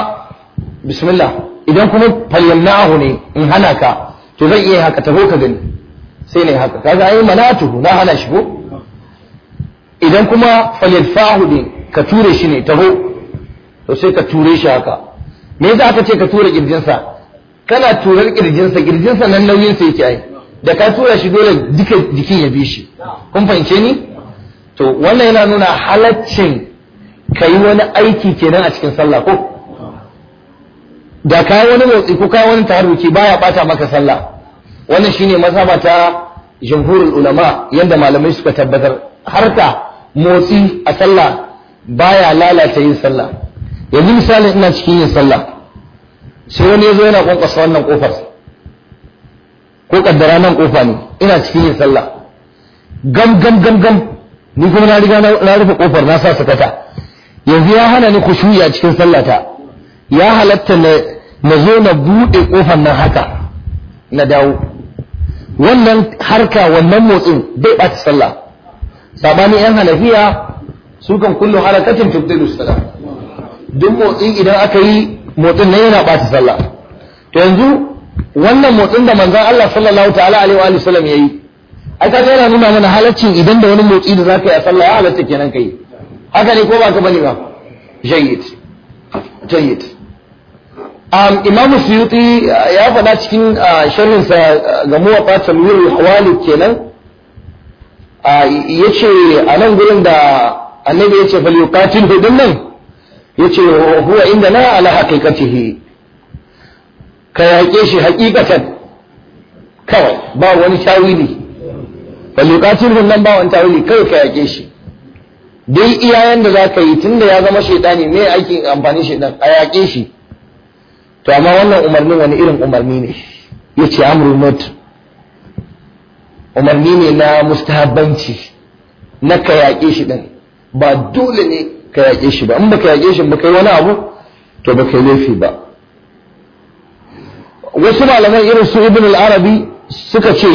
bismillah idan kuma falyamna'ahu ne in hana ka to zai iya haka taho ka gani sai ne haka kaga ai manatuhu na hana shi ko idan kuma falyadfa'hu ne ka ture shi ne taho to sai ka ture shi haka me yasa aka ce ka tura kirjinsa kana turar kirjinsa kirjinsa nan nauyin sa yake ai da ka tura shi dole duka jikin ya bi shi kun fahimce ni to wannan yana nuna halaccin kai wani aiki kenan a cikin sallah ko da ka wani motsi ko ka wani taharuki baya bata maka sallah wannan shine masaba ta jumhurul ulama yanda malamai suka tabbatar harka motsi a sallah baya lalata yin sallah yanzu misalin ina cikin yin sallah sai wani ya zo yana kwankwasa wannan kofar ko kaddara nan kofa ne ina cikin yin sallah gam gam gam gam ni kuma na riga na rufe kofar na sa sakata yanzu ya hana ni kushuya a cikin sallata ya halatta na zo na buɗe kofar nan haka na dawo wannan harka wannan motsin bai ɓata sallah sabanin yan halafiya su kan kullu harakatin tubdilu sallah duk motsi idan aka yi motsin nan yana ɓata sallah to yanzu wannan motsin da manzan Allah sallallahu ta'ala alaihi wa sallam yi, ai ka yana nuna mana halaccin idan da wani motsi da zaka yi a sallah ya halatta kenan kai haka ne ko ba ka bane ba jayyid jayyid um imam suyuti uh, ya faɗa cikin uh, sharhin sa uh, ga muwatta tanwirul hawali kenan yace a nan gurin da annabi yace fal yuqatil hudun nan yace huwa inda na ala haqiqatihi ka yaƙe shi haqiqatan kawai ba wani tawili falukatin nan ba wani tawili kawai ka yaƙe shi dai iyayen da zaka yi tunda ya zama shaidani me aikin amfani shaidan a yaƙe shi to amma wannan umarni wani irin umarni ne Yace amru mut umarni ne na mustahabbanci na ka yaƙe shi ɗin ba dole ne ka yaƙe shi ba in baka yaƙe shi baka yi wani abu to baka yi laifi ba wasu malamai irin su ibn al-arabi suka ce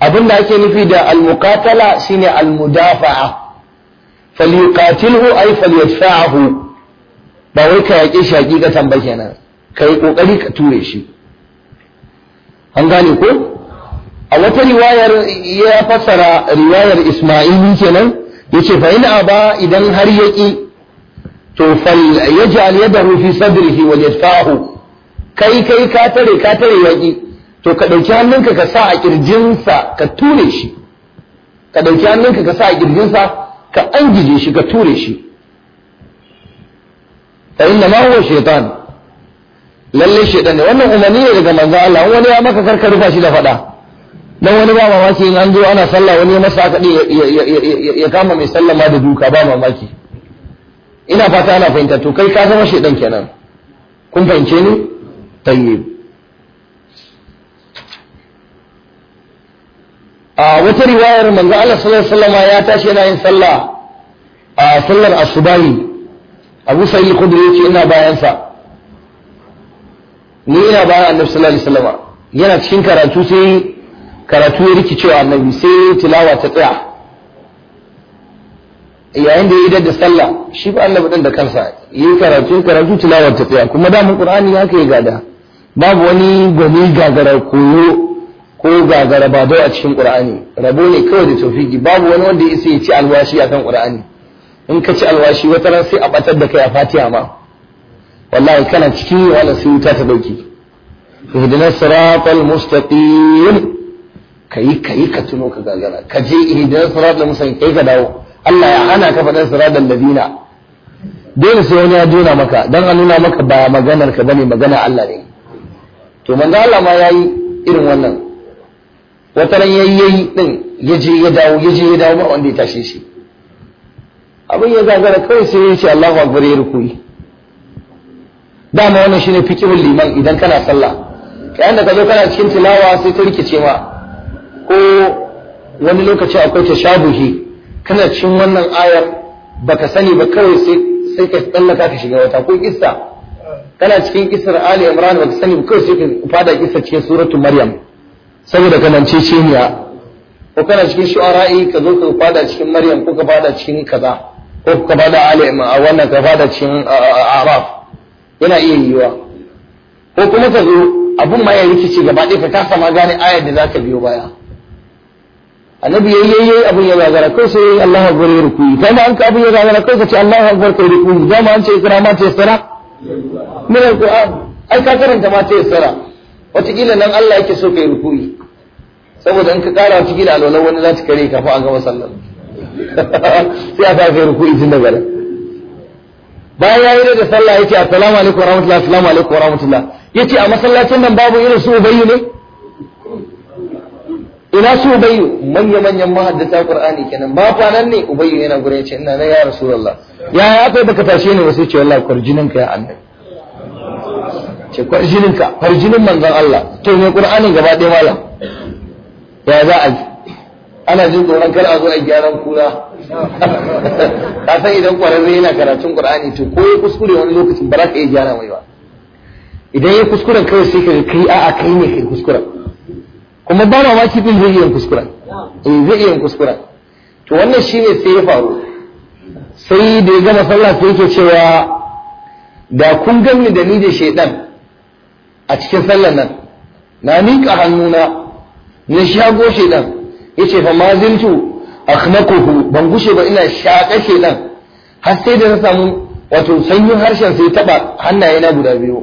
abin da ake nufi da al-muqatala shine al-mudafa'a falyuqatilhu ay falyadfa'ahu ba wai ka yaƙe shi hakikatan ba kenan kai kokari ka ture shi an gane ko a wata riwayar ya fassara riwayar Isma'ili kenan yace fa in ba idan har yaki to fal yaj'al yadahu fi sadrihi wal yadfa'hu kai kai ka tare ka tare yaki to ka dauki hannunka ka sa a kirjinsa ka ture shi ka dauki hannunka ka sa a kirjinsa ka angije shi ka ture shi fa inna ma huwa shaytan lalle shaytan ne wannan umarni ne daga manzo Allah wani ya maka karka rufa shi da fada dan wani ba mamaki in an zo ana sallah wani ya masa aka ya kama mai sallama da duka ba mamaki ina fata ana fahimta to kai ka zama shedan kenan kun fahimce ni tayyib a wata riwayar manzo Allah sallallahu alaihi wasallam ya tashi yana yin sallah a sallar asubahi Abu Sa'id al-Khudri yace ina bayan sa ni ina bayan Annabi sallallahu alaihi wasallam yana cikin karatu sai karatu ya rikicewa Annabi sai tilawa ta tsaya yayin da ya idar da sallah shi ba Allah ɗin da kansa yi karatu karatu tilawar tafiya kuma da mun qur'ani ya kai gada babu wani gwani gagara koyo ko gagara ba a cikin qur'ani rabo ne kawai da tofiki babu wani wanda ya ya ci alwashi akan qur'ani in ka ci alwashi wata ran sai a batar da kai a fatiha ma wallahi kana cikin wala sai wuta ta dauki ihdina siratal mustaqim kai kai ka tuno ka gagara ka je ihdina siratal mustaqim kai ka dawo Allah ya hana ka faɗar siratal ladina dole sai wani ya dona maka dan a nuna maka ba maganar ka bane magana Allah ne to manzo Allah ma yayi irin wannan wata ran yayi yayi din yaje ya dawo yaje ya dawo ba wanda ya tashe shi abin ya zagara kawai sai ya ce Allahu akbar ya rukuyi dama wannan shine fiqhul liman idan kana sallah kayan da ka zo kana cikin tilawa sai ta rikice ma ko wani lokaci akwai tashabuhi kana cin wannan ayar baka sani ba kawai sai sai ka tsallaka ka shiga wata ko kissa kana cikin kissar Ali Imran baka sani ba kawai sai ka fada kissa cikin suratul Maryam saboda kana ce ne ko kana cikin shu'ara'i ka zo ka fada cikin Maryam ko ka fada cikin kaza ko ka fada Ali Imran wannan ka fada cikin Araf yana iya yiwa ko kuma ka zo abun ma ya rikice gaba ɗaya ka kasa ma gane ayar da zaka biyo baya annabi yayi yayi abun ya gagara kai sai Allahu akbar ya rukuyi kai ma an ka abun ya gagara kai ka ce Allahu akbar kai rukuyi da ma an ce ikra ma ce sara min alquran ai ka karanta ma ce sara wataƙila nan Allah yake so kai rukuyi saboda in ka kara wataƙila alwala wani za ta kare ka fa a ga sallar sai a kai rukuyi tun daga nan bayan ya yi da sallah yace assalamu alaikum warahmatullahi assalamu alaikum warahmatullahi yace a masallacin nan babu irin su ubayyu ne ina su ubayyu manya-manyan mahaddata qur'ani kenan ba kwanan ne ubayyu yana gurin ce ina na ya rasulullah ya ya kai baka tashi ni ba sai ce wallahi kwarjinin ka ya annabi ce kwarjinin ka kwarjinin manzon Allah to ne qur'anin gaba ɗaya malam ya za a yi ana jin tsoron kar a zo a gyaran kula ka san idan kwararre yana karatun qur'ani to ko ya kuskure wani lokacin ba za ka iya gyara mai ba idan ya kuskuren kawai sai ka kai a'a kai ne kai kuskuren kuma ba mamaki din zai iya kuskura eh zai iya kuskura to wannan shine sai ya faru sai da ya gama sallah sai yake cewa da kun ganni da ni da shaidan a cikin sallar nan na miƙa hannuna na shago shaidan yace fa ma zintu akhnaquhu ban gushe ba ina shaƙa shaidan har sai da na samu wato sanyin harshen sai taɓa. hannaye na guda biyu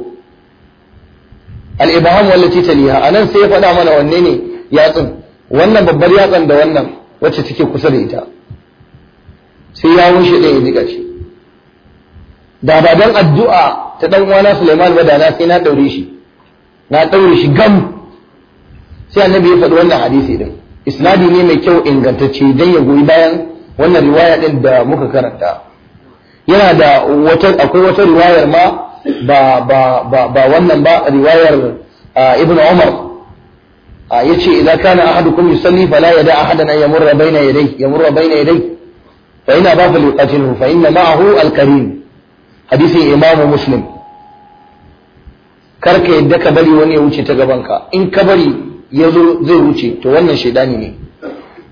al-ibham wallati taliha nan sai ya faɗa mana wanne ne yatsun wannan babbar yatsan da wannan wacce take kusa da ita sai ya wuce ɗaya ya jiƙa ce. da ba addu'a ta ɗan uwana Suleiman ba da na sai na ɗaure shi na ɗaure shi gam sai annabi ya faɗi wannan hadisi din isnadi ne mai kyau ingantacce dan ya goyi bayan wannan riwaya din da muka karanta yana da wata akwai wata riwayar ma ba ba ba ba wannan ba riwayar ibn umar yace idan kana ahadukum yusalli fala yada ahadan an yamurra baina yadayhi yamurra baina yadayhi fa ina ba fal yuqatiluhu fa inna ma'ahu al-karim hadisi, imam muslim karka yadda ka bari wani ya wuce ta gabanka in ka bari ya zo zai wuce to wannan shaidani ne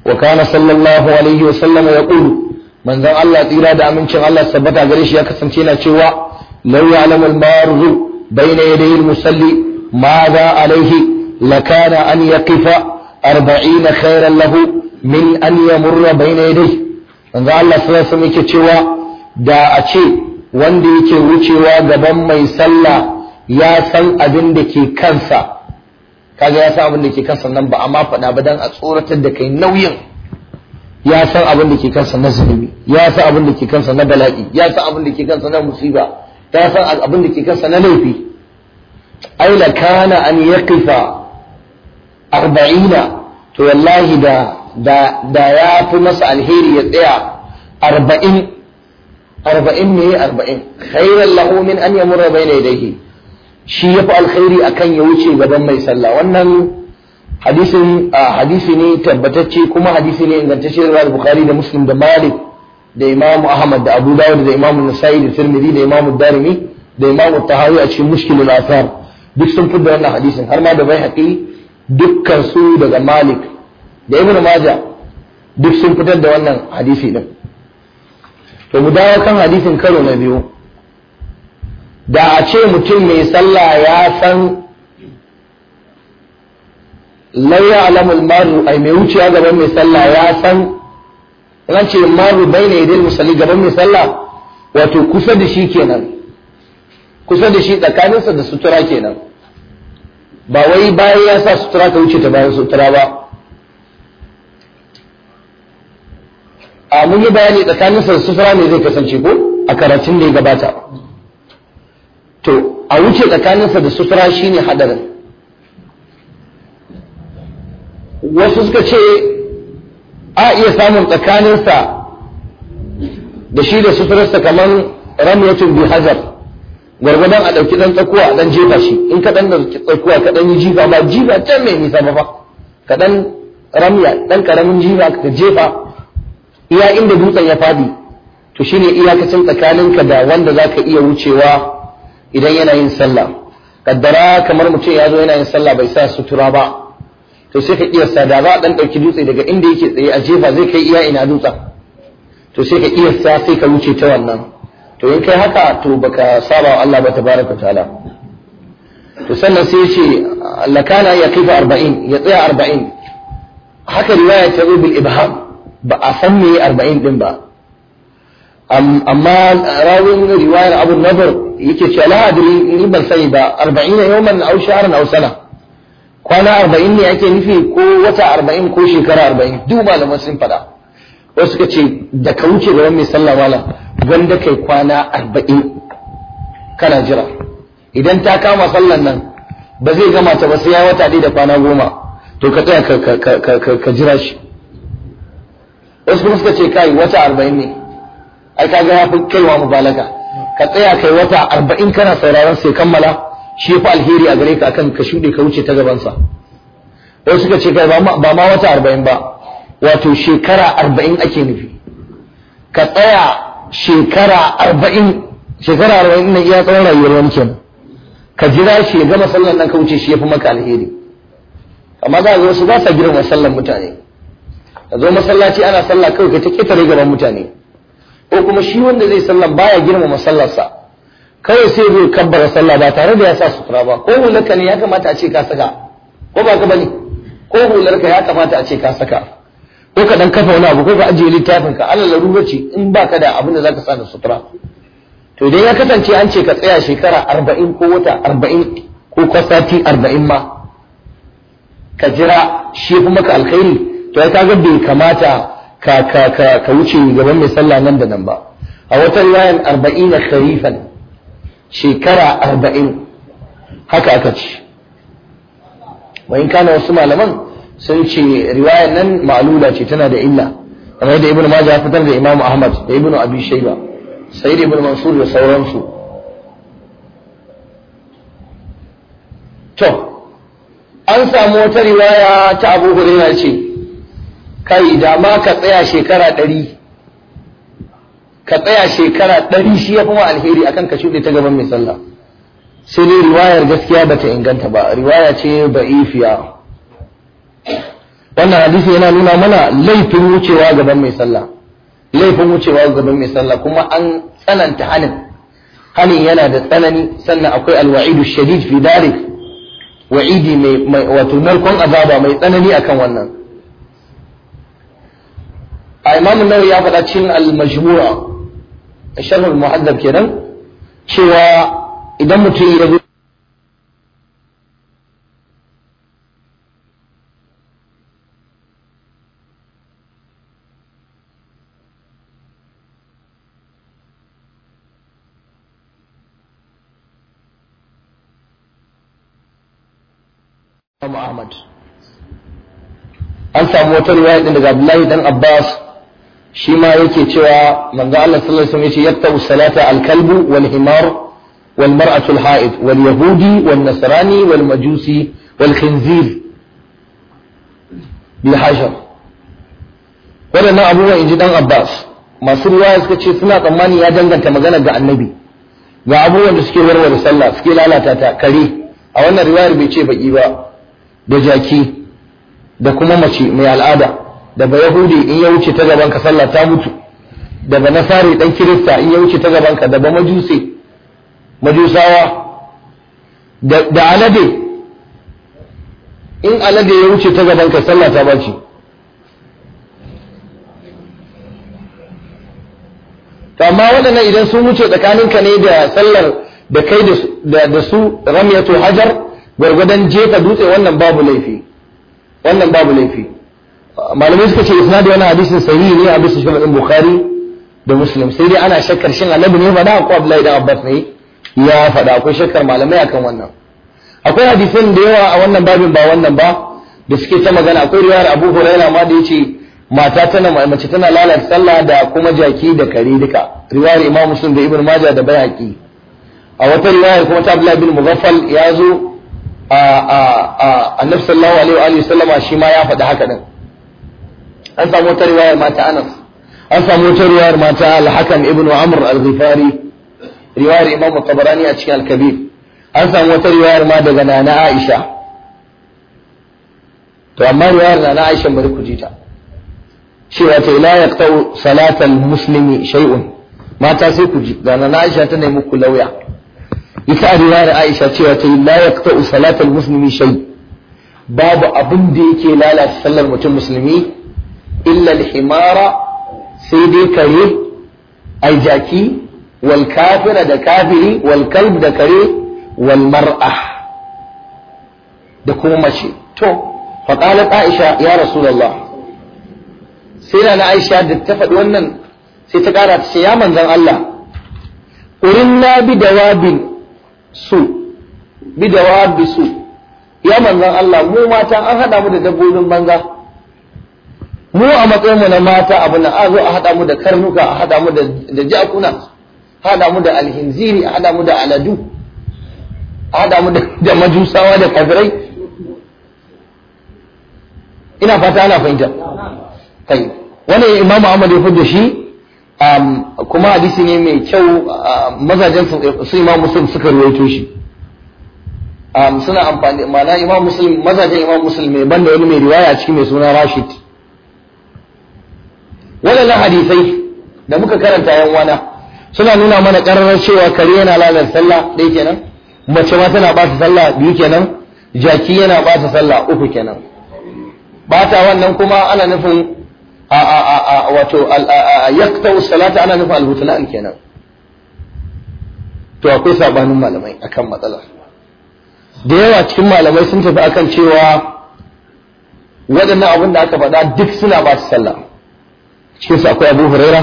wa kana sallallahu alaihi wa sallam ya qulu manzon Allah tsira da amincin Allah sabbata gare shi ya kasance yana cewa لو يعلم المارز بين يدي المصلي ماذا عليه لكان أن يقف أربعين خيرا له من أن يمر بين يديه manzo Allah sallallahu alaihi yake cewa da a ce wanda yake wucewa gaban mai sallah ya san abin da ke kansa kaga ya san abin da ke kansa nan ba amma faɗa ba dan a tsoratar da kai nauyin ya san abin da ke kansa na zunubi ya san abin da ke kansa na bala'i ya san abin da ke kansa na musiba ta san abin da ke kansa na laifi ai la kana an yaqifa arba'ina to wallahi da da ya fi masa alheri ya tsaya arba'in arba'in ne arba'in khairan lahu min an yamurra bayna yadayhi shi ya fi alkhairi akan ya wuce gaban mai sallah wannan hadisin hadisi ne tabbatacce kuma hadisi ne ingantacce da Bukhari da Muslim da Malik da Imam Ahmad da Abu Dawud da Imam Nasa'i da Tirmidhi da Imam Darimi da Imam Tahawi a cikin Mushkilul Athar duk sun fitar wannan hadisin har ma da Baihaqi dukkan su daga Malik da Ibn Majah duk sun fitar da wannan hadisi din to mu dawo kan hadisin karo na biyu da a ce mutum mai sallah ya san la ya'lamu al-mar'u ai mai wuciya gaban mai sallah ya san zan ce maru bai na idil musalli gaban mai sallah wato kusa da shi kenan kusa da shi tsakaninsa da sutura kenan ba wai bayan ya sa sutura ka wuce ta bayan sutura ba a mun yi bayani tsakaninsa da sutura ne zai kasance ko a karatun da ya gabata to a wuce tsakaninsa da sutura shine hadarin wasu suka ce a iya samun tsakaninsa da shi da suturarsa kamar ramyatun bi hazar gwargwadon a ɗauki ɗan tsakuwa a ɗan jefa shi in ka ɗan ɗauki tsakuwa ka ɗan yi jifa ba jifa can mai nisa ba ka ɗan ramya ɗan ƙaramin jifa ka jefa iya inda dutsen ya faɗi to shi ne iyakacin tsakaninka da wanda za ka iya wucewa idan yana yin sallah kaddara kamar mutum ya zo yana yin sallah bai sa sutura ba to sai ka kiyasta da za a dan dauki dutse daga inda yake tsaye a jefa zai kai iya ina dutsen to sai ka kiyasta sai ka wuce ta wannan to in kai haka to baka saba wa Allah ba tabaraka ta'ala to sannan sai yace lakana ya kai 40 ya tsaya 40 haka riwaya ta zo bil ibham ba a san me 40 din ba amma rawin riwayar abu nadar yake cewa la adri ni ban sani ba 40 yawman aw shahran aw sana kwana arba'in ne ake nufi ko wata arba'in ko shekara arba'in duk malaman sun faɗa wasu suka ce da ka wuce gaban mai sallah malam wanda kai kwana arba'in kana jira idan ta kama sallan nan ba zai gama ta ba sai ya wata ɗaya da kwana goma to ka tsaya ka jira shi wasu kuma suka ce kai wata arba'in ne ai ga ya fi kaiwa mubalaga ka tsaya kai wata arba'in kana sauraron sai kammala shi fa alheri a gare ka akan ka shuɗe ka wuce ta gabansa wasu suka ce kai ba ma wata arba'in ba wato shekara arba'in ake nufi ka tsaya shekara arba'in shekara arba'in na iya tsawon rayuwar wani ka jira shi ya gama sallan nan ka wuce shi ya fi maka alheri amma za a wasu ba sa girma sallan mutane ka zo masallaci ana sallah kawai ka ta ketare gaban mutane ko kuma shi wanda zai sallan baya girmama sa. kawai sai zai kabbara sallah ba tare da ya sa sutura ba ko hularka ne ya kamata a ce ka saka ko ba ka bane ko hularka ya kamata a ce ka saka ko ka dan kafa wani abu ko ka ajiye littafin ka Allah larura ce in ka da abin da zaka sa da sutura to idan ya kasance an ce ka tsaya shekara 40 ko wata 40 ko kwasati 40 ma ka jira shi fi maka alkhairi to ya kaga bai kamata ka ka ka wuce gaban mai sallah nan da nan ba a watan layin 40 kharifan shekara arba'in haka aka ce bayan kana wasu malaman sun ce riwayar nan ma'aluda ce tana da illa kamar da ibn majah ya fitar da imamu ahmad da ibn abi shayba da ibn mansur da sauransu to an samu wata riwaya ta abu hurairah ce kai da ma ka tsaya shekara ɗari ka tsaya shekara ɗari shi ya fi ma alheri akan ka shuɗe ta gaban mai sallah sai dai riwayar gaskiya ba ta inganta ba riwaya ce ba ifiya wannan hadisi yana nuna mana laifin wucewa gaban mai sallah laifin wucewa gaban mai sallah kuma an tsananta hanin hanin yana da tsanani sannan akwai alwa'idu shadid fi dalik wa'idi mai wato narkon azaba mai tsanani akan wannan a imamu nawawi ya faɗa cikin al-majmu'a sharhul muhaddab kenan cewa idan mutum ya zo Ahmad an samu wata riwaya daga Abdullahi dan Abbas shi ma yake cewa manzo Allah sallallahu alaihi wasallam yace yatta'u salata al-kalbu wal himar wal mar'atu al-ha'id wal yahudi wal nasrani wal majusi wal khinzir bil hajar wadannan abubuwan inji dan Abbas masu riwaya suka ce suna tsammani ya danganta magana ga annabi ga abubuwan da suke warware sallah suke lalata ta kare a wannan riwayar bai ce baki ba da jaki da kuma mace mai al'ada daga yahudi in ya wuce ta gaban ka sallah ta mutu daga nasari dan kirista in ya wuce ta gaban ka daga majusi majusawa da alade in alade ya wuce ta gaban ka sallah ta bace to amma waɗannan idan sun wuce tsakaninka ne da sallar da kai da su ramyatu hajar gwargwadon jefa dutse wannan babu laifi wannan babu laifi malamai suka ce da wannan hadisin sahihi ne a bisa ɗin bukhari da muslim sai dai ana shakkar shin annabi ne faɗa ko abdullahi da abbas ne ya faɗa akwai shakkar malamai akan wannan akwai hadisin da yawa a wannan babin ba wannan ba da suke ta magana akwai riwayar abu huraira ma da yace mata tana mace tana lalata sallah da kuma jaki da kare duka riwayar imam muslim da ibnu majah da bayaki a wata riwayar kuma ta abdullahi bin mughaffal ya zo a a a annabi sallallahu alaihi wa sallama shi ma ya faɗi haka din an samu wata riwayar mata anas an samu wata riwayar mata al-hakam ibnu amr al-ghifari riwayar imam tabarani a cikin al-kabir an samu wata riwayar ma daga nana aisha to amma riwayar nana aisha bari ku ji ta cewa ta la yaqtau salatal muslimi shay'un mata sai ku ji ga nana aisha ta nemi ku lauya ita a riwayar aisha cewa ta la yaqtau salatal muslimi shay babu abin da yake lalata sallar mutum musulmi illa al-himara sai dai kare ai jaki wal kafira da kafiri wal kalb da kare wal mar'a da kuma mace to fa qalat aisha ya rasulullah sai na aisha da ta faɗi wannan sai ta ƙara ta ce ya manzon Allah na bi dawabin su bi dawabi su ya manzon Allah mu mata an hada mu da dabbobin banza mu a matsayinmu na mata abu na a zo a haɗa mu da karnuka a haɗa mu da jakuna a haɗa mu da alhinziri a haɗa mu da aladu a haɗa mu da majusawa da kabirai. ina fata ana fahimta kai wannan imamu ahmad ya da shi kuma hadisi ne mai kyau mazajen su imam muslim suka ruwaito shi suna amfani ma'ana imam muslim mazajen imam muslim mai banda wani mai riwaya a cikin mai suna rashid waɗannan hadisai da muka karanta yan wana suna nuna mana ƙararrar cewa kare yana lalata sallah ɗaya kenan mace ma tana ba ta sallah biyu kenan jaki yana ba ta sallah uku kenan ba ta wannan kuma ana nufin a a a a wato yaqta salata ana nufin al-butlan kenan to akwai sabanin malamai akan matsalar da yawa cikin malamai sun tafi akan cewa waɗannan abin da aka faɗa duk suna ba su sallah cikin su akwai Abu Huraira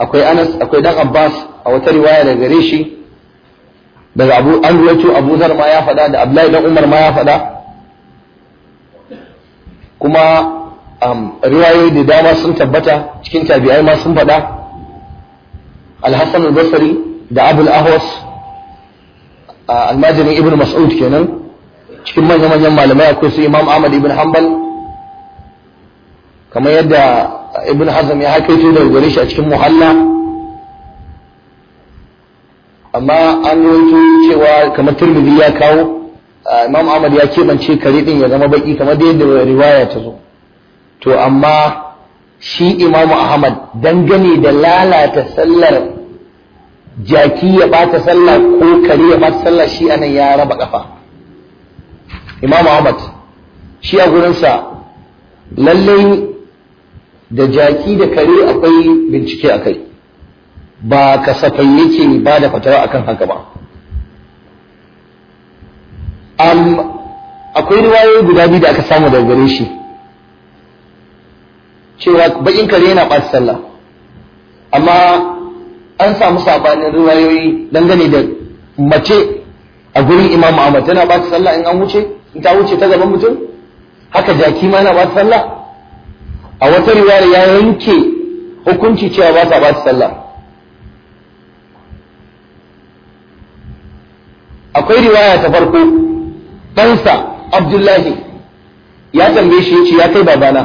akwai Anas akwai dan Abbas a wata riwaya da gare shi daga Abu an ruwaito Abu Zar ma ya faɗa da Abdullahi dan Umar ma ya faɗa kuma um, riwayoyi da dama sun tabbata cikin tabi'ai ma sun faɗa al al-Basri da Abu al-Ahwas almajirin Ibn Mas'ud kenan cikin manya-manyan malamai akwai su Imam Ahmad ibn Hanbal kamar yadda ibn hazm ya to daga gare shi a cikin muhalla amma an rawaito cewa kamar turmidi ya kawo imam ahmad ya keɓance kare ɗin ya zama baki kamar da yadda riwaya ta zo to amma shi imam ahmad dangane da lalata sallar jaki ya bata sallah ko kare ya bata sallah shi anan ya raba kafa imam ahmad shi a gurinsa lallai da jaki da kare akwai bincike a kai ba kasafai yake ba da fatara akan haka ba akwai ruwayoyi guda biyu da aka samu daga gare shi cewa bakin kare yana ɓata sallah amma an samu sabanin ruwayoyi dangane da mace a gurin imamu Ahmad tana ɓata sallah in an wuce in ta wuce ta gaban mutum haka jaki ma yana ɓata sallah a wata riwaya ya yanke hukunci cewa ba sa ba su sallah akwai riwaya ta farko ɗansa abdullahi ya tambaye shi yace ya kai babana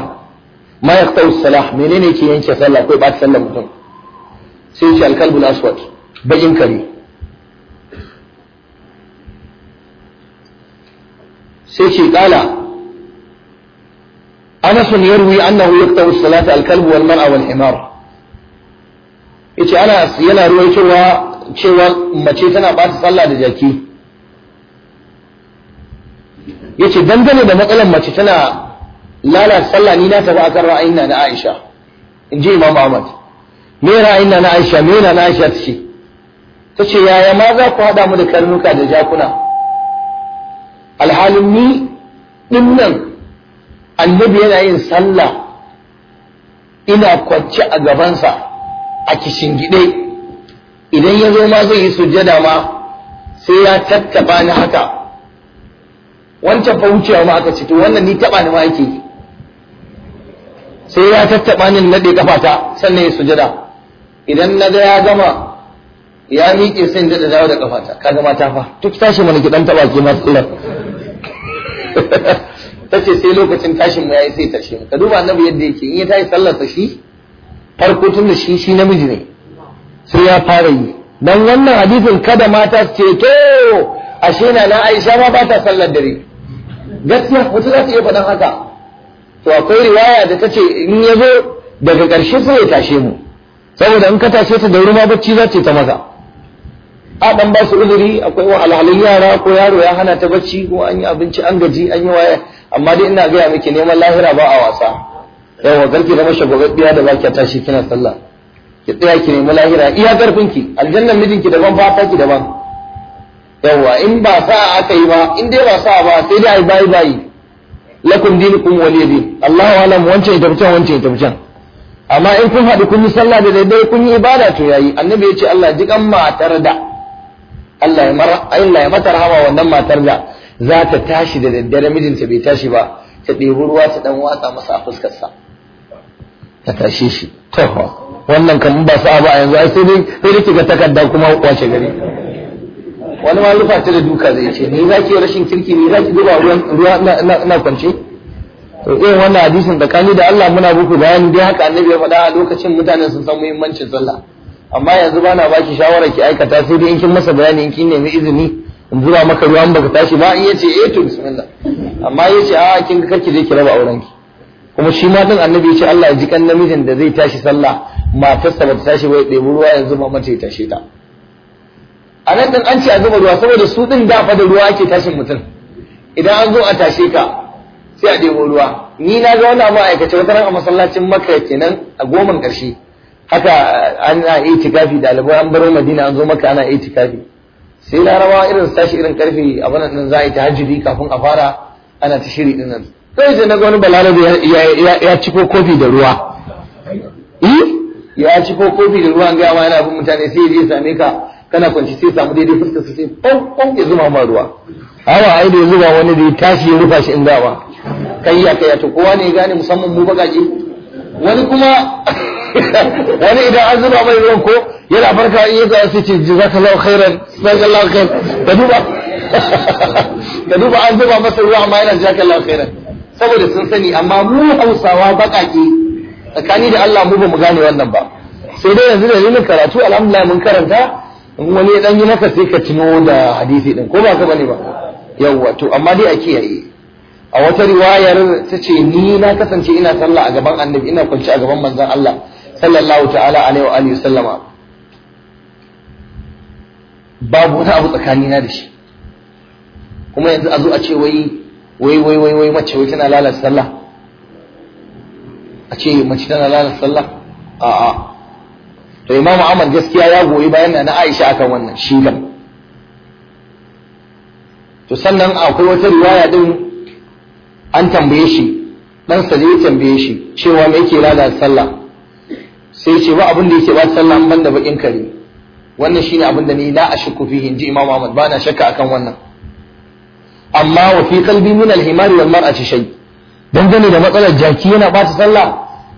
ma kawo salah menene ke yanke sallah ko ba ta sallah mutum sai yace alkalbul aswad bakin kare sai ce kala أنس يروي أنه يقطع الصلاة الكلب والمرأة والحمار yace ana yana ruwai cewa cewa mace tana ba sallah da jaki yace dangane da matsalar mace tana lalata sallah ni na taba akan ra'ayin na Aisha in ji Imam Ahmad me ra'ayin na Aisha me na Aisha tace tace yaya ma za ku mu da karnuka da jakuna alhalin ni annabi yana yin sallah ina kwance a gabansa a kishingide idan ya zo ma zai yi sujjada ma sai ya tattaba ni haka wancan fa wucewa ma aka ce to wannan ni taba ni ma yake yi sai ya tattaba ni dai kafata sannan ya sujada idan na ga ya gama ya miƙe sai da dawo da kafata kaga mata fa duk tashi mana ki dan taba ki ma tsira tace sai lokacin tashin mu yayi sai tashi ka duba annabi yadda yake in ya tashi sallar sa shi farko tun da shi shi namiji ne sai ya fara yi dan wannan hadisin kada mata su ce to ashe na na Aisha ma ba ta sallar dare gaskiya wata za ta iya faɗan haka to akwai riwaya da tace in ya zo daga ƙarshe sai ya tashe mu saboda in ka tashe ta da wuri ma bacci za ta maza a ɗan ba su uzuri akwai wahalhalun yara ko yaro ya hana ta bacci ko an yi abinci an gaji an yi waya amma dai ina gaya miki neman lahira ba a wasa da karki zama biya da baki tashi kina sallah ki tsaya ki nemi lahira iya karfin ki aljannan mijinki daban fata ki daban yawa in ba sa aka yi ba in dai ba sa ba sai dai ai bayi bayi lakum dinukum waliy din Allahu alam wancan ita fitan wancan ita fitan amma in kun haɗu kun yi sallah da daidai kun yi ibada to yayi annabi ya ce Allah ji kan matar da Allah ya mara Allah ya mata rahama wannan matar da za ta tashi da daddare mijinta bai tashi ba ta ɗebi ruwa ta ɗan watsa masa a fuskarsa ta tashi shi to wannan kan ba sa ba a yanzu ai sai dai sai ga takarda kuma wace gari wani ma rufa ta da duka zai ce ni zaki rashin kirki ni zaki zuba ruwan ruwa ina kwance to irin wannan hadisin kani da Allah muna buku bayani dai haka annabi ya faɗa a lokacin mutane sun san muhimmancin sallah amma yanzu bana baki shawara ki aikata sai dai in kin masa bayani in kin nemi izini in zuba maka ruwa an baka tashi ba in yace eh to bismillah amma yace a ah, kin ga ki je ki raba auren ki kuma shi ma din annabi yace Allah ya ji kan namijin da zai tashi sallah matar ba ta tashi ba ya ruwa yanzu ma mace ta tashe ta a din an ce a zuba ruwa saboda su din da fa da ruwa yake tashin mutum idan an zo a tashe ka sai a ɗebo ruwa ni na ga wannan ma'aikace wata ran a masallacin makka kenan a goman karshe haka ana itikafi da an baro madina an zo maka ana itikafi sai rawa irin sashi, irin karfe a wannan din za a yi tahajjudi kafin a fara ana ta shiri din nan sai na ga wani balarabe ya ciko kofi da ruwa eh ya ciko kofi da ruwa ga ma yana bin mutane sai ya je same ka kana kwanci sai samu daidai fuskar sai pom pom ya zuma ma ruwa awa ai da ya zuba wani da ya tashi ya rufa shi in da ba kai ya kai to kowa ne ya gane musamman mu bagaje wani kuma wani idan an zuba mai ruwan ko yana farka in yaga sai ce lau khairan jazakallahu khairan da duba ka duba an zuba masa ruwa amma yana jazakallahu khairan saboda sun sani amma mu Hausawa bakake tsakani da Allah mu ba mu gane wannan ba sai dai yanzu da yin karatu alhamdulillah mun karanta wani ya dan yi maka sai ka tuno da hadisi din ko ba ka bane ba yawwa to amma dai a kiyaye a wata riwayar ta ce ni na kasance ina sallah a gaban annabi ina kwanci a gaban manzon Allah sallallahu ta'ala alaihi wa alihi sallama babu wani abu tsakanina da shi kuma yanzu a zo a ce wai wai wai wai wai mace wai tana lalata sallah a ce mace tana lalata sallah a'a to imamu Ahmad gaskiya ya goyi bayan na Aisha akan wannan shi kam to sannan akwai wata riwaya din an tambaye shi dan sa ya tambaye shi cewa me yake lalata sallah sai ce ba abin da yake ba sallah ban da bakin kare wannan shine abin da ni la ashku fihi inji imamu ahmad bana shakka akan wannan amma wa fi qalbi min al-himari wal mar'ati shay dangane da matsalar jaki yana bata sallah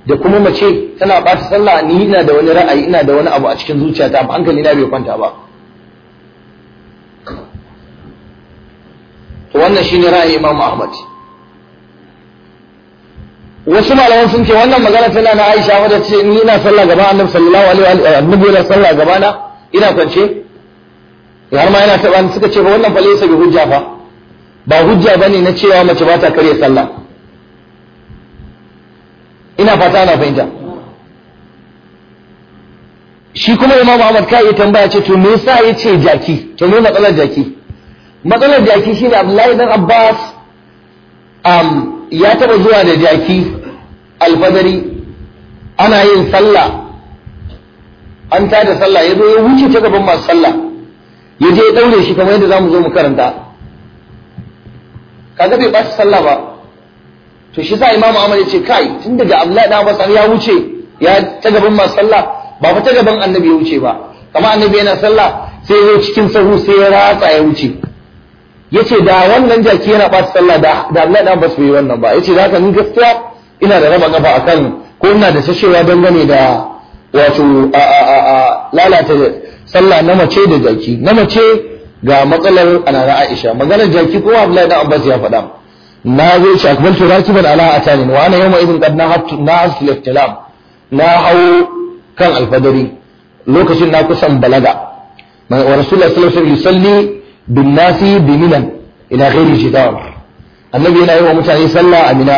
da kuma mace tana bata sallah ni ina da wani ra'ayi ina da wani abu a cikin zuciyata amma hankali na bai kwanta ba to wannan shine ra'ayin imam ahmad wasu malaman sun ce wannan magana tana na Aisha wadda ce ni ina sallah gaba annabi sallallahu alaihi wa annabi yana sallah gaba na ina kwance har ma yana taba suka ce ba wannan fa laysa bi hujja fa ba hujja bane na cewa mace ba ta karya sallah ina fata ana fahimta shi kuma Imam Ahmad kai ya tambaya ce to me yasa yace jaki to me matsalar jaki matsalar jaki shine Abdullahi dan Abbas um, ya taba zuwa da jaki alfadari ana yin sallah an ta da sallah ya zo ya wuce ta gaban masu sallah ya je ya daure shi kamar yadda za mu zo mu karanta kaga bai ba su sallah ba to shi sa imamu amal ya ce kai tun daga abdullahi da abbas ya wuce ya ta gaban masu sallah ba fa ta gaban annabi ya wuce ba kamar annabi yana sallah sai ya zo cikin sahu sai ya ratsa ya wuce yace da wannan jaki yana ɓata sallah da da Allah dan basu yi wannan ba yace za ka ni gaskiya ina da raba kafa akan ko ina da sashewa dangane da wato a lalata sallah na mace da jaki na mace ga matsalar anara Aisha maganar jaki ko Abdullahi dan Abbas ya faɗa na zo shi akmaltu rakiban ala atanin wa ana yawma idin qad na nas liftilam na hau kan alfadari lokacin na kusan balaga wa rasulullahi sallallahu alaihi wasallam bin nasi bi ila ghairi jidar annabi yana yi wa mutane sallah a Minna.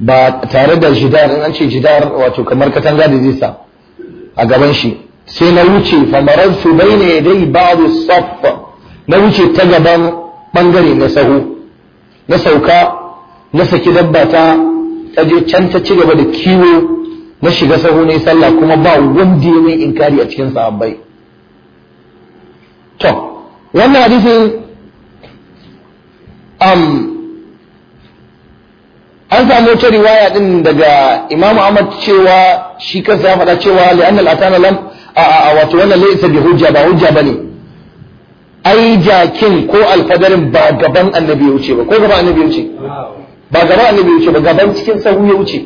ba tare da jidar in an ce jidar wato kamar katanga da zai sa a gaban shi sai na wuce famararsu bai ne dai babu saffa na wuce ta gaban bangare na sahu na sauka na saki dabba ta taje je can ta ci gaba da kiwo na shiga sahu na sallah kuma ba wanda ya mai inkari a cikin sahabbai to wannan hadisi um, an samu wata riwaya din daga Imam Ahmad cewa shi kansa ya faɗa cewa li'annal atana lam a wato wannan laysa bi hujja ba hujja bane ai jakin ko alfadarin ba gaban annabi ya wuce ba ko gaban annabi ya wuce ba gaban annabi ya wuce ba gaban cikin sahu ya wuce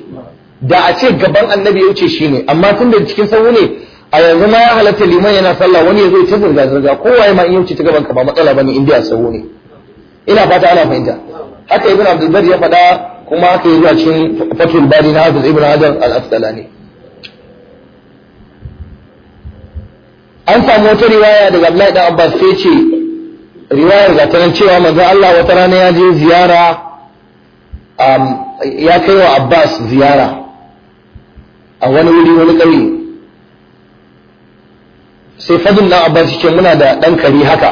da a ce gaban annabi ya wuce shine amma tun da cikin sahu ne a yanzu ma ya halatta liman yana sallah wani ya zo ta zirga zirga ya ma in ya wuce ta gaban ka ba matsala bane in biya tsawo ne ina fata ana fahimta haka ibn abdul bari ya faɗa kuma haka ya zuwa cikin fatul bari na hafiz ibn hajar al asqalani an samu wata riwaya daga abdullahi dan abbas sai ce riwayar ga ta cewa manzo Allah wata rana ya je ziyara um, ya kai wa abbas ziyara a wani wuri wani ƙauye sai fadin nan abbas ce muna da dan kari haka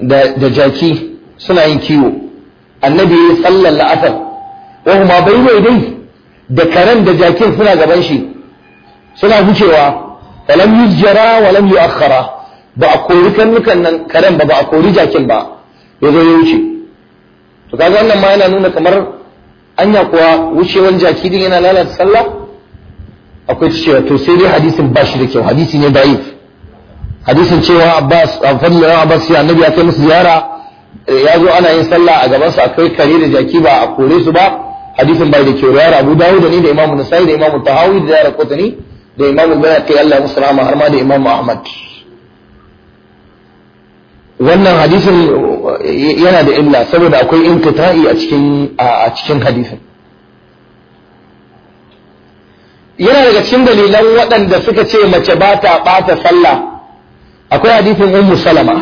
da jaki suna yin kiwo annabi ya sallar la'asar wa huma bai dai da karen da jakin suna gaban shi suna wucewa falam yujjara wa lam yu'akhkhara ba a kori karnukan nan karen ba ba a kori jakin ba ya zo ya wuce to kaga wannan ma yana nuna kamar anya kuwa wucewan jaki din yana lalata sallah akwai cewa to sai dai hadisin ba shi da kyau hadisi ne da'if hadisin cewa Abbas uh, fadlan Abbas ya annabi ya kai musu ziyara eh, ya zo ana yin sallah a gaban su kai kare da jaki ba a kore su ba hadisin bai da kyau yara Abu Dawud ne da Imam Nasa'i da Imam Tahawi da yara Qutni da Imam kai Allah musu rahama har ma da Imam Ahmad wannan hadisin eh, yana da illa saboda akwai inkita'i a cikin a cikin hadisin yana daga cikin dalilan waɗanda suka ce mace ba ta ɓata sallah akwai hadisin ummu salama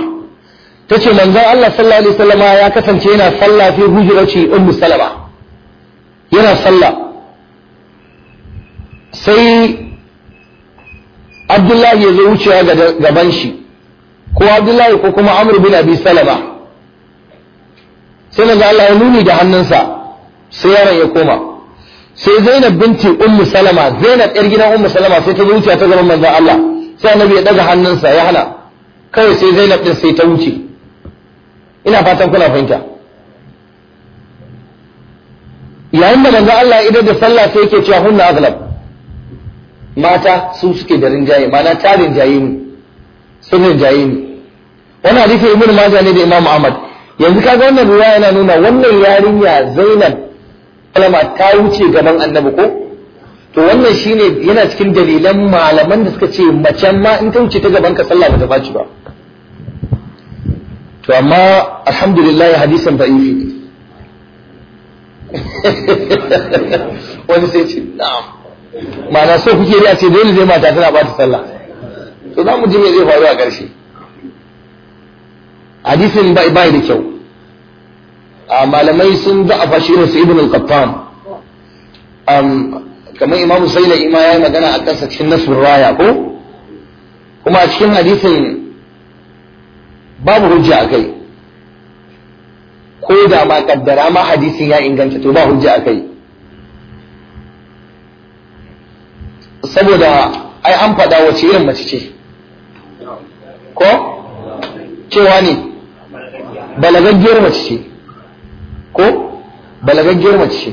tace manzon Allah sallallahu alaihi wasallama ya kasance yana sallah fi hujrati ummu salama yana sallah sai Abdullahi ya zo wucewa gaban shi ko Abdullahi ko kuma Amr bin Abi Salama sai manzo Allah ya nuni da hannunsa sai yaron ya koma sai Zainab binti Ummu Salama Zainab yar gidan Ummu Salama sai ta zo wucewa ta gaban manzo Allah sai annabi ya daga hannunsa ya hana kawai sai zainab din sai ta wuce ina fatan kuna fahimta yayin da manzo Allah idan da sallah sai yake cewa hunna aghlab mata su suke da rinjaye mana ta rinjaye ne sun rinjaye ne wannan hadisi ibnu majah ne da imam ahmad yanzu kaga wannan ruwa yana nuna wannan yarinya zainab kalama ta wuce gaban annabi ko to wannan shine yana cikin dalilan malaman da suka ce macen ma in ta wuce ta gaban ka sallah ba ta faci ba to amma alhamdulillah hadisan da'ifi ne wani sai ce na'am ma'ana so kuke ne a ce dole zai mata tana ba ta sallah to za mu ji me zai faru a ƙarshe hadisin ba yi da kyau a malamai sun da a fashi irin su ibn al-qattan kamar imamu saila ima ya yi magana a kansa cikin nasrul raya ko kuma a cikin hadisin babu hujja a kai ko da ma kaddara ma hadisin ya inganta to ba hujja a kai saboda ai an faɗa wace irin mace ce ko cewa ne balagaggiyar mace ce ko balagaggiyar mace ce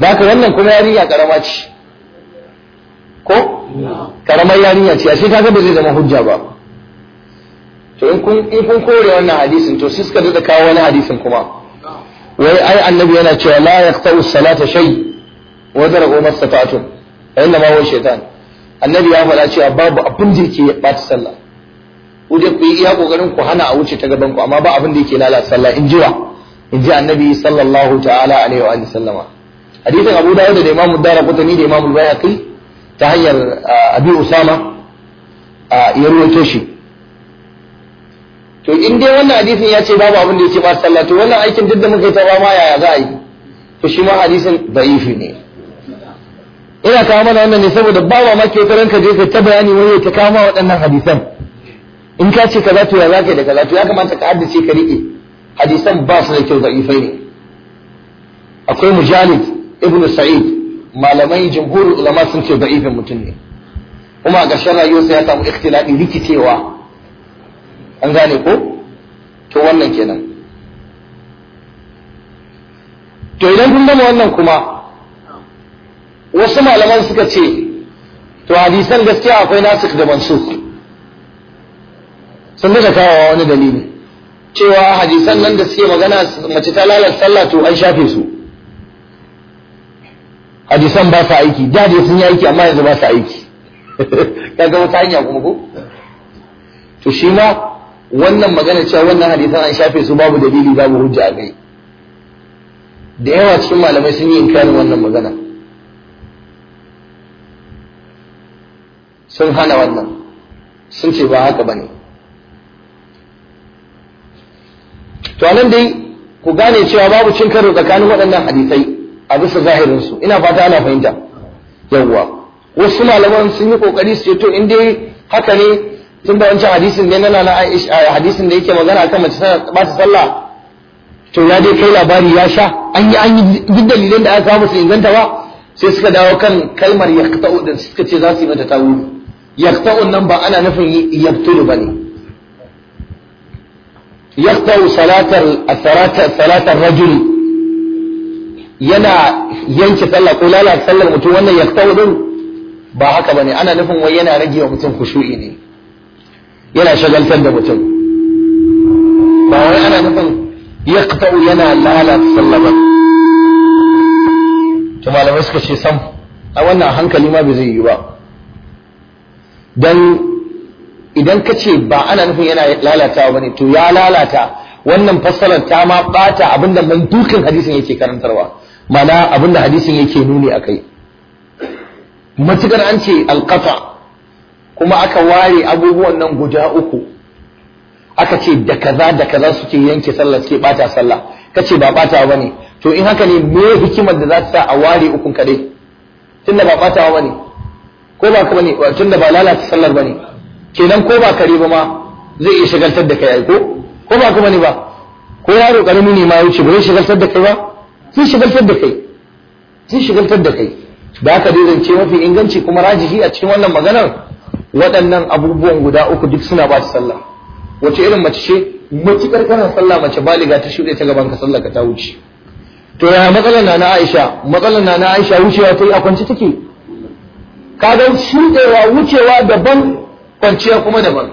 da haka wannan kuma yarinya karama ce ko karamar yarinya ce ashe kaga ba zai zama hujja ba to in kun in kun kore wannan hadisin to sai suka da kawo wani hadisin kuma wai ai annabi yana cewa la yaqta'u salata shay wa dar'u mastata'tum inna ma huwa shaytan annabi ya faɗa cewa babu abin da yake bata sallah ku je ku yi iya kokarin ku hana a wuce ta gaban ku amma ba abin da yake lalata sallah in jiwa in ji annabi sallallahu ta'ala alaihi wa sallama hadisin abu dawud da imamu daraqutni da imamu bayhaqi ta hanyar ah, abi usama ah, ya ruwaito shi to in dai wannan hadisin ya ce babu abin da yake ba sallah to wannan aikin duk da muka yi ta ba ma yaya za a yi to shi ma hadisin da'ifi ne ina kawo mana wannan ne saboda ba mamaki wata ka je ka ta bayani wani ta kama ma waɗannan hadisan in ka ce kaza to ya za ka da kaza to ya kamata ka haddace ka riƙe hadisan ba su da kyau da'ifai ne akwai mujalid ibn sa'id malamai jumhurul ulama sun ce da'ifin mutum ne kuma a ƙarshen rayuwarsa ya samu ikhtilafi rikicewa an gane ko to wannan kenan to idan kun gama wannan kuma wasu malaman suka ce to hadisan gaskiya akwai nasik da mansuk sun da kawo wani dalili cewa hadisan nan da suke magana mace ta lalata sallah to an shafe su hadisan ba su aiki da dai sun yi aiki amma yanzu ba su aiki kaga wata hanya kuma ko to shi ma wannan magana cewa wannan hadisan an shafe su babu dalili babu hujja a kai da yawa cikin malamai sun yi inkarin wannan magana sun hana wannan sun ce ba haka bane to nan dai ku gane cewa babu cin karo tsakanin waɗannan hadisai a bisa zahirinsu? ina fata ana fahimta yawwa wasu malaman sun yi kokari su ce to in dai haka ne tun da wancan hadisin ne na nana Aisha hadisin da yake magana akan mace tana ba ta sallah to ya dai kai labari ya sha an yi an yi duk dalilan da aka samu su inganta ba sai suka dawo kan kalmar yaqta'u din suka ce za su yi mata tawili yaqta'u nan ba ana nufin yaqtulu bane yaqta'u salatar as salatar rajul yana yanke sallah ko lalata sallar mutum wannan yaqta'u din ba haka bane ana nufin wai yana rage wa mutum khushu'i ne yana shagaltar da mutum ba wai ana nufin yaqta'u yana lalata sallah ba to malamai suka ce sam a wannan hankali ma bai zai yi ba dan idan ka ce ba ana nufin yana lalata ba ne to ya lalata wannan fassarar ta ma bata abinda mai mantukin hadisin yake karantarwa mana abinda hadisin yake nuni a kai, matukar an ce alkafa kuma aka ware abubuwan nan guda uku aka ce da kaza da kaza suke yanke sallah suke bata sallah kace ba bata ba ne to in haka ne me hikimar da za ta sa a ware ukun kadai tunda ba bata ba ne ko ba kuma ne tunda ba lalata sallar ba ne kenan ko ba kare ba ma zai iya shagaltar da kai ko ko ba kuma ne ba ko yaro karami ne ma yace ba zai shagaltar da kai ba zai shagaltar da kai zai shagaltar da kai da haka dai ce mafi inganci kuma rajihi a cikin wannan maganar waɗannan abubuwan guda uku duk suna ba su sallah wace irin mace ce matukar kana sallah mace baliga ta shuɗe ta gaban ka sallah ka ta wuce to yaya matsalar na na Aisha matsalar na na Aisha wucewa ta yi a kwance take ka ga shuɗewa wucewa daban kwanciya kuma daban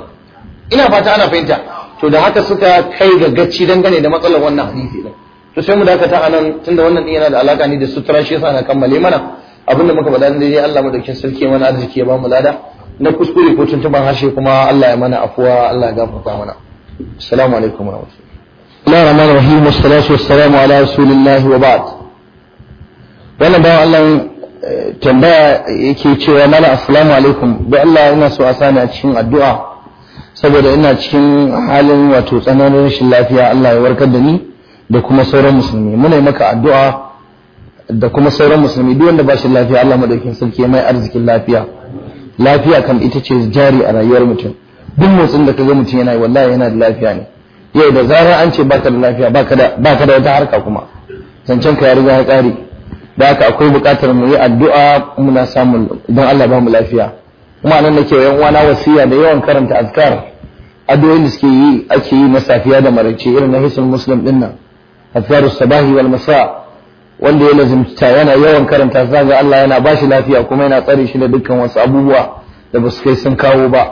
ina fata ana fahimta to da haka suka kai ga gacci dangane da matsalar wannan hadisi din to sai mu dakata a nan tunda wannan din yana da alaka ne da sutura shi yasa na kammale mana abinda muka faɗa dai Allah madaukin sarki mana arziki ya ba mu lada na kuskure ko tuntuban harshe kuma Allah ya mana afuwa Allah ya gafarta mana assalamu alaikum wa rahmatullahi rahman rahim wassalatu wassalamu ala rasulillahi wa ba'd wannan bawan Allah eh, tambaya yake cewa mala assalamu alaikum da Allah ina so a sani a cikin addu'a saboda ina cikin halin wato tsananin rashin lafiya Allah ya warkar da ni da kuma sauran musulmi muna maka addu'a da kuma sauran musulmi duk wanda ba shi lafiya Allah madaukin sarki mai arzikin lafiya lafiya kam ita ce jari a rayuwar mutum duk motsin da ka ga mutum yana yi wallahi yana da lafiya ne yau da zarar an ce baka da lafiya baka da wata harka kuma zancen ka ya riga ya kare da haka akwai buƙatar mu yi addu'a muna samun don Allah ba mu lafiya kuma nan nake yan uwana wasiya da yawan karanta azkar addu'o'in da suke yi ake yi na safiya da maraice irin na hisul muslim din nan azkarus sabahi wal masa wanda ya lazimta yana yawan karanta zaga Allah yana ba shi lafiya kuma yana tsare shi da dukkan wasu abubuwa da ba su kai sun kawo ba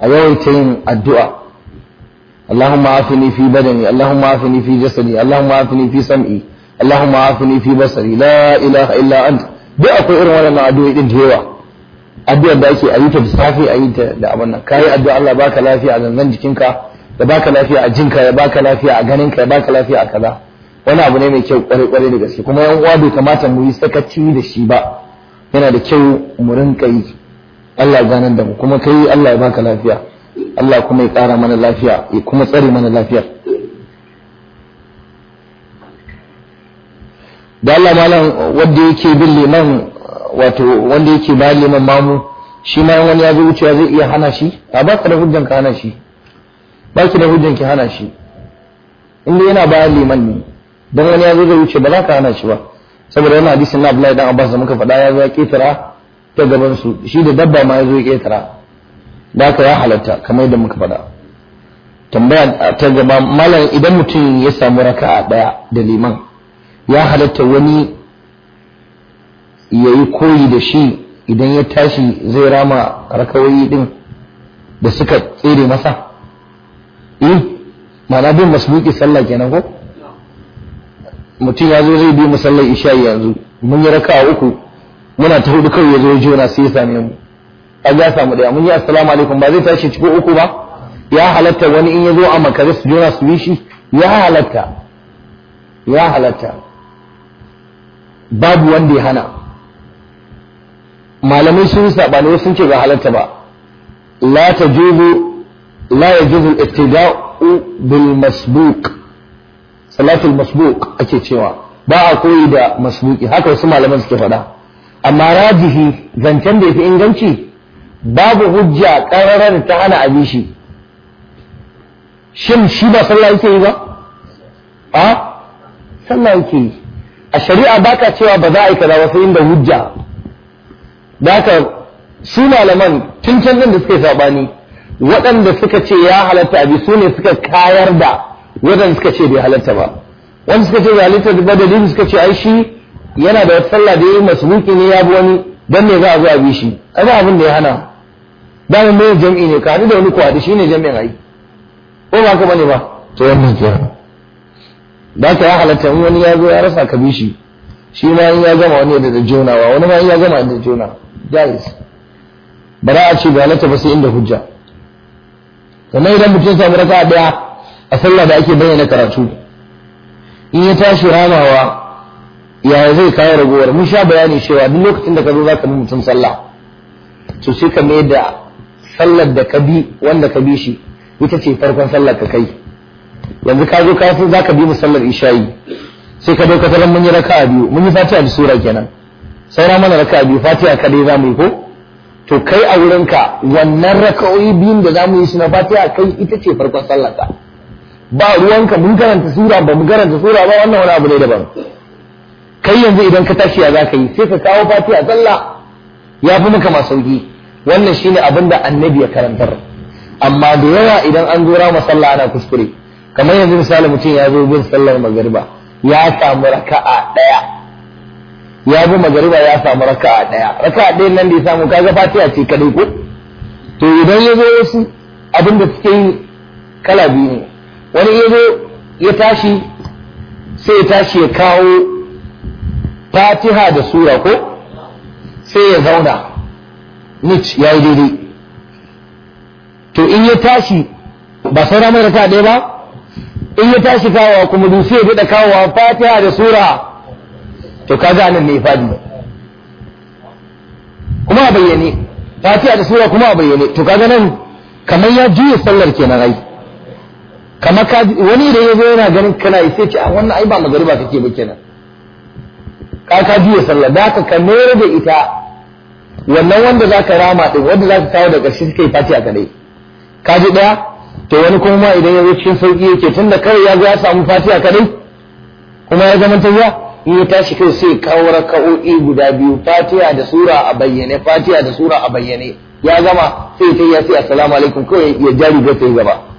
a yawaita yin addu'a اللهم عافني في بدني اللهم عافني في جسدي اللهم عافني في سمعي اللهم عافني في بصري لا اله الا انت duk akwai irin wannan addu'o'i din da yawa addu'ar da ake ayyuta da safi ayyuta da abin nan kai addu'a Allah baka lafiya a zanzan jikinka ya baka lafiya a jinka ya baka lafiya a ganinka ya baka lafiya a kaza wani abu ne mai kyau kwarai kwarai da gaske kuma yan uwa bai kamata mu yi sakaci da shi ba yana da kyau mu rinka yi Allah ya ganar da mu kuma kai Allah ya baka lafiya Allah kuma ya ƙara mana lafiya ya kuma tsare mana lafiyar da Allah malam wanda yake bin liman wato wanda yake bayan liman mamu shi ma wani ya zo wucewa zai iya hana shi a baka da hujjan ka hana shi baki da hujjan ki hana shi inda yana bayan liman ne Don wani ya zo zai wuce ba za ka hana shi ba saboda yana hadisin na Abdullahi dan Abbas da muka faɗa ya zo ya ta gaban su shi da dabba ma ya zo ya da aka ya halatta kamar yadda muka faɗa tambaya ta gaba malam idan mutum ya samu raka'a ɗaya da liman ya halatta wani ya yi koyi da shi idan ya tashi zai rama rakawai din da suka tsere masa eh ma'ana bin buki sallah kenan ko mutum ya zo zai bi musallar isha yanzu mun yi raka'a uku muna ta hudu kawai ya zo jona sai ya same mu a ga samu daya mun yi assalamu alaikum ba zai tashi cikin uku ba ya halatta wani in ya zo a makare su jona su bi shi ya halatta ya halatta babu wanda ya hana malamai sun sabani sun ce ba halatta ba la ta jubu la ya jubu ibtidau bil masbuq salatul masbuq ake cewa ba a koyi da masbuki haka wasu malaman suke faɗa amma rajihi zancen da yafi inganci babu hujja ƙararar ta hana abin shi shin shi ba sallah yake yi ba a sallah yake yi a shari'a ba ka cewa ba za a yi kaza ba sai inda hujja baka su malaman tun can da suke sabani waɗanda suka ce ya halatta abi su ne suka kayar da wadan suka ce bai halatta ba wanda suka ce bai halatta ba dalilin suka ce ai shi yana da wata sallah da yayi yi masruki ne ya bi wani dan me za a zo a bi shi ai ba abin da ya hana da mun mai jami'i ne ka haɗu da wani kwadi shi shine jami'in ai ko ba ka bane ba to wannan kenan da ka ya halatta in wani ya zo ya rasa ka bi shi shi ma in ya gama wani da jonawa wani ma in ya gama da jona jais bara a ce bai halatta ba sai inda hujja sannan idan mutum samu raka'a daya a sallah da ake bayyana karatu in ya tashi ramawa ya zai kawo ragowar mun sha bayani cewa duk lokacin da ka zo za ka bi mutum sallah to sai ka mai da sallar da ka bi wanda ka bi shi ita ce farkon sallar ka kai yanzu ka zo ka san za ka bi mu sallar isha'i sai ka dauka salon mun yi a biyu mun yi fatiha da sura kenan saura mana a biyu fatiha kadai za mu yi ko to kai a wurinka wannan raka'o'i biyun da za mu yi suna fatiha kai ita ce farkon sallar ka ba ruwanka mun karanta sura ba mu karanta sura ba wannan wani abu ne daban kai yanzu idan ka tashi ya zaka yi sai ka kawo fatiha sallah ya fi maka masauki wannan shine abin da annabi ya karantar amma da yawa idan an zo masalla sallah ana kuskure kamar yanzu misali mutum ya zo bin sallar magariba ya samu raka'a daya ya bi magariba ya samu raka'a daya raka'a ɗayan nan da ya samu kaga fatiha ce kadai ko to idan ya zo wasu abin da suke yi kala biyu ne wani ya ya tashi sai ya tashi ya kawo fatiha da sura ko sai ya zauna nici ya yi daidai to in ya tashi ba saura mai rata ɗaya ba in ya tashi kawowa kuma dusi ya daɗa kawowa fatiha da sura to ka nan ne fadi kuma a bayyane fatiha da sura kuma a bayyane to kaga nan kamar ya juya sallar kenan ai kama ka wani da yazo yana ganin kana sai ce a ah, wannan ai ba magariba kake ba kenan ka ka juya sallah da ka ka da ita wannan wanda zaka rama din wanda zaka kawo da karshe kai fati a kadai ka ji daya to wani kuma ma idan yazo cikin sauki yake tunda kawai ya ga ya samu fati a kuma ya zama tayya in ya tashi kai sai kawar raka'o'i guda biyu fatiha da sura a bayyane fatiha da sura a bayyane ya gama sai ta yi assalamu alaikum kawai ya jari ga sai gaba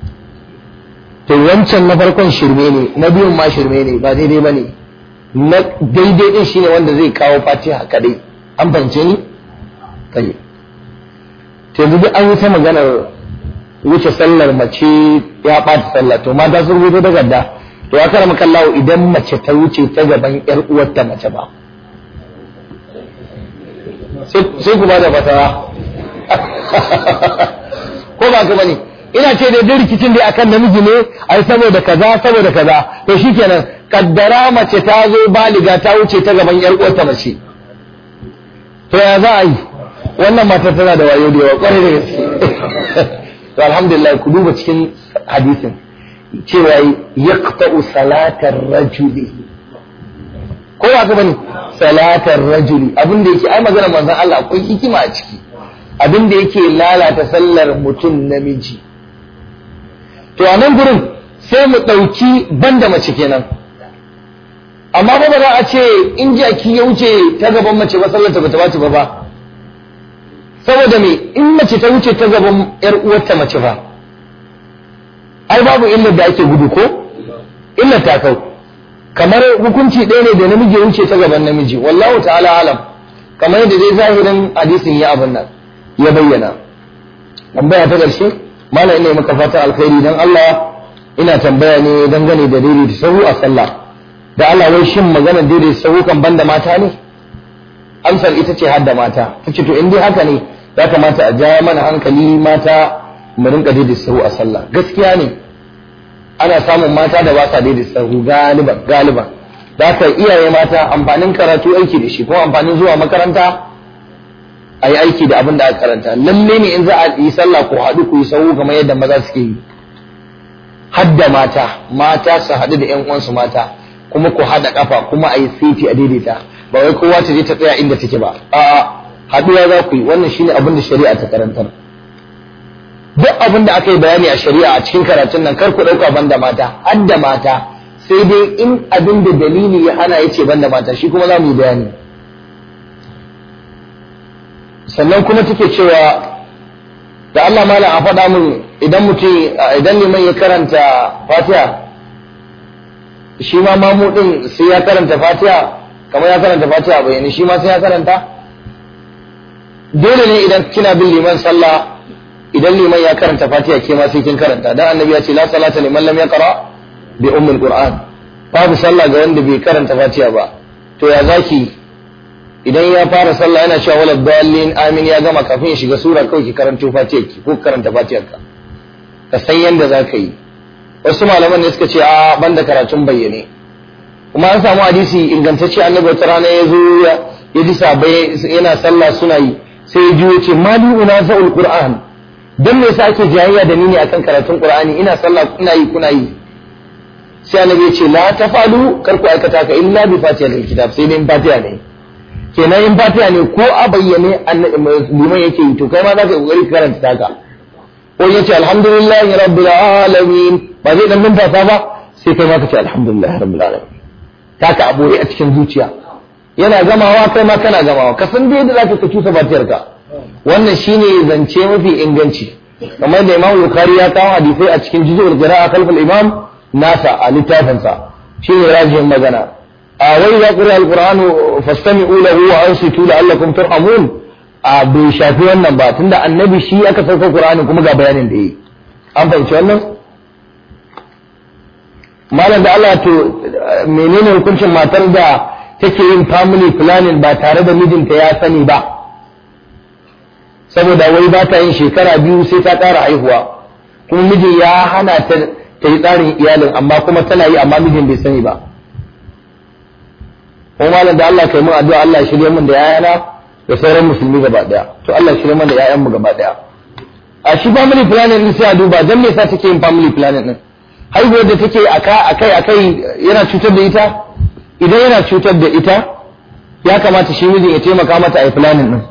to wancan na farkon shirme ne na biyun ma shirme ne ba daidai ba ne na daidai shi ne wanda zai kawo fatiha kaɗai. an fahimce ni kai. to yanzu duk an yi ta maganar wuce sallar mace ya ɓata sallar, to mata sun daga da, to ya kara makallawo idan mace ta wuce ta gaban ƴar uwarta mace ba sai ku ba da fatawa ko ba ba ne ina ce da dai rikicin da akan namiji ne ai saboda kaza saboda kaza to shikenan kaddara mace ta zo baliga ta wuce ta gaban yar uwarta mace to ya za a yi wannan matar tana da wayo da yawa kwarai da gaske to alhamdulillah ku duba cikin hadisin cewa yaqta'u salatar rajuli ko ba ka bane salatar rajuli abin da yake ai magana manzon Allah akwai hikima a ciki abin da yake lalata sallar mutum namiji to a nan gurin sai mu ɗauki banda mace kenan amma ba ba za a ce in jaki ya wuce ta gaban mace ba sallar ta bata baci ba ba saboda me in mace ta wuce ta gaban yar uwarta mace ba ai babu illar da ake gudu ko illar ta kau kamar hukunci ɗaya ne da namiji ya wuce ta gaban namiji wallahu ta'ala alam kamar yadda dai zahirin hadisin ya abin nan ya bayyana tambaya ta ƙarshe malam ina maka fatan alkhairi dan Allah ina tambaya ne dangane da da sahu a sallah da Allah wai shin magana da sahu kan banda mata ne amsar ita ce hadda mata tace to in dai haka ne ya kamata a ja mana hankali mata mu rinka da sahu a sallah gaskiya ne ana samun mata da ba sa da sahu galiba, galiban da iyaye mata amfanin karatu aiki da shi kuma amfanin zuwa makaranta a yi aiki da abin da aka karanta lalle ne in za a yi sallah ko haɗu ku yi sahu kamar yadda maza suke yi hadda mata mata su haɗu da ƴan uwansu mata kuma ku haɗa ƙafa kuma a yi siti a daidaita ba wai kowa ta je ta tsaya inda take ba a'a haɗuwa za ku yi wannan shine abin da shari'a ta karantar duk abin da aka yi bayani a shari'a a cikin karatun nan kar ku ɗauka banda mata hadda mata sai dai in abin da dalili ya hana ya ce banda mata shi kuma za mu yi bayani sannan kuma take cewa da Allah malam a faɗa min idan mutum idan liman ya karanta fatiha shi ma mamu din sai ya karanta fatiha kamar ya karanta fatiha ne shi ma sai ya karanta dole ne idan kina bin liman sallah idan liman ya karanta fatiha ke ma sai kin karanta dan annabi ya ce la salata liman lam yaqra bi ummul qur'an babu sallah ga wanda bai karanta fatiha ba to ya zaki idan ya fara sallah yana cewa wala dalin amin ya gama kafin ya shiga sura kawai ki karanto fatiha ki ko karanta fatiha ka ka san yanda za yi wasu malaman ne suka ce a banda karatun bayyane kuma an samu hadisi ingantacce annabi ta rana ya zo ya ji yana sallah suna yi sai ya ji ya ce ma li qur'an dan me yasa ake jayayya da ni ne akan karatun qur'ani ina sallah kuna yi kuna yi sai annabi ya ce la tafalu kar ku aikata ka illa bi fatiha kitab sai dai fatiha ne kenan in fatiha ne ko a bayyane liman yake yi to kai ma za ka yi kokari ka karanta taka ko yace alhamdulillahi rabbil alamin ba zai dan numfasa ba sai kai ma ka ce alhamdulillahi rabbil alamin taka abori a cikin zuciya yana gamawa kai ma kana gamawa ka san dai da za ka cusa fatiyar ka wannan shine zance mafi inganci kamar da Imam Bukhari ya kawo hadisai a cikin juzul a kalfal imam nasa a littafinsa shine rajihin magana وإذا قرأ القرآن فاستمعوا له وأنصتوا لعلكم ترحمون bai shafi wannan ba tunda annabi shi aka sauka Qur'ani kuma ga bayanin da yi an fahimci wannan malam da Allah to menene hukuncin matar da take yin family planning ba tare da mijinta ya sani ba saboda wai ba ta yin shekara biyu sai ta ƙara haihuwa kuma miji ya hana ta yi tsarin iyalin amma kuma tana yi amma mijin bai sani ba kuma malam da Allah kai mun addu'a Allah ya shirye mun da yayana da sauran musulmi gaba daya to Allah ya shirye mun da yayan mu gaba daya a shi family planning din sai a duba dan me yasa take yin family planning din haihuwar da take akai akai yana cutar da ita idan yana cutar da ita ya kamata shi mijin ya taimaka mata a planning din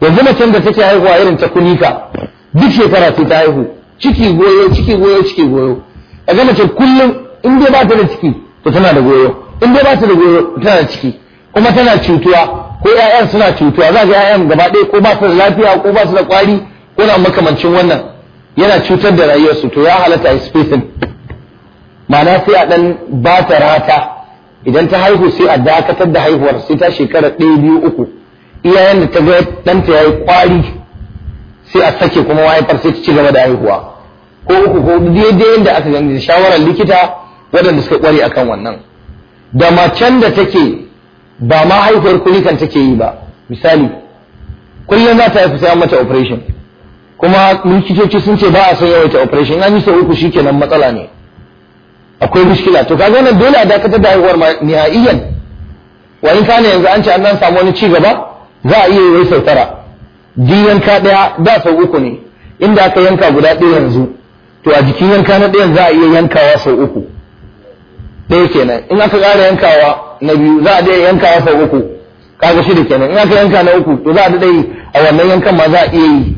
yanzu macen da take haihuwa irin ta kunika duk shekara sai ta haihu ciki goyo ciki goyo ciki goyo ga mace kullum in dai ba ta da ciki to tana da goyo in dai ba ta da goro tana ciki kuma tana cutuwa ko ƴaƴan suna cutuwa za ga ƴaƴan gaba ɗaya ko ba su da lafiya ko ba su da ƙwari ko na makamancin wannan yana cutar da rayuwarsu to ya halatta a spacin ma'ana sai a ɗan ba ta rata idan ta haihu sai a dakatar da haihuwar sai ta shekara ɗaya biyu uku iyayen da ta ga ɗanta ya yi ƙwari sai a sake kuma mahaifar sai ta ci gaba da haihuwa ko uku ko daidai yadda aka gani shawarar likita waɗanda suka ƙware akan wannan da macen da take ba ma haihuwar kulikan take yi ba misali kullum za ta haifi sai an mata operation kuma likitoci sun ce ba a son yawaita operation an yi sau uku shi shikenan matsala ne akwai mushkila to ka wannan dole a dakatar da haihuwar iyan? wa in kane yanzu an ce an dan samu wani ci gaba za a iya yi sau tara jiyan yanka daya da sau uku ne inda aka yanka guda ɗaya yanzu to a jikin yanka na ɗayan za a iya yankawa sau uku ɗaya kenan in aka ƙara yankawa na biyu za a daɗa yankawa sau uku kaga shida kenan in aka yanka na uku to za a daɗa a wannan yankan ma za a iya yi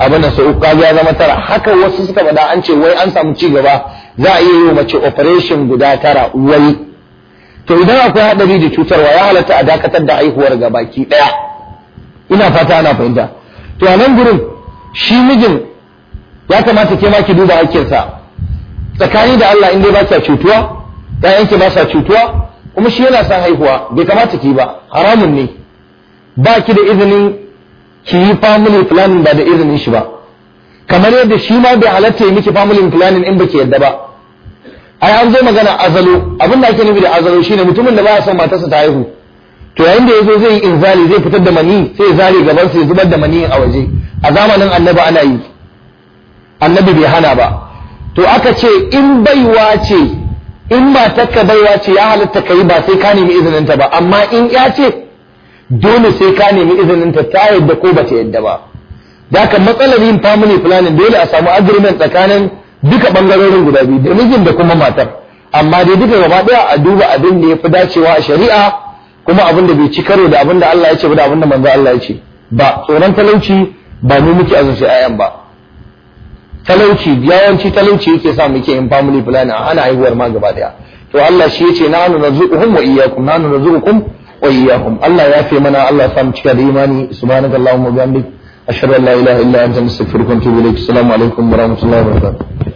abin da sau uku kaga ya zama tara haka wasu suka faɗa an ce wai an samu ci gaba za a iya yi mace operation guda tara wai to idan akwai haɗari da cutarwa ya halatta a dakatar da haihuwar ga baki ɗaya ina fata ana fahimta to a nan gurin shi mijin ya kamata ke ma ki duba hakkinsa tsakani da Allah in dai ba cutuwa ‘ya’yanki ba sa cutuwa kuma shi yana son haihuwa bai kamata ki ba haramun ne ba ki da izinin ki yi family planning ba da izinin shi ba kamar yadda shi ma bai halatta yi miki family planning in baki yadda ba ai an zo magana azalo abin da ake nufi da azalo shine mutumin da ba ya son matarsa ta haihu to yayin da ya zo zai yi inzali zai fitar da mani sai ya zare gaban sa ya zubar da mani a waje a zamanin annabi ana yi annabi bai hana ba to aka ce in baiwa ce in ba takka baiwa ce ya halatta ka yi ba sai ka nemi izininta ba amma in ya ce dole sai ka nemi izininta ta yadda ko ba ta yadda ba da ka matsalar yin family planning dole a samu agreement tsakanin duka bangarorin guda biyu da mijin da kuma matar amma dai duka gaba daya a duba abin da ya fi dacewa a shari'a kuma abin da bai ci karo da abin da Allah ya ce ba da abin da manzo Allah ya ce ba tsoron talauci ba mu muke azurci ayan ba talauci yawanci talauci yake sa muke in family planning ana haihuwar ma gaba daya to Allah shi yace nanu narzuquhum wa iyyakum nanu narzuqukum wa iyyahum Allah ya fi mana Allah ya samu cika da imani subhanallahi wa bihamdihi ashhadu an la ilaha illa anta astaghfiruka wa atubu ilaik assalamu alaikum wa rahmatullahi wa barakatuh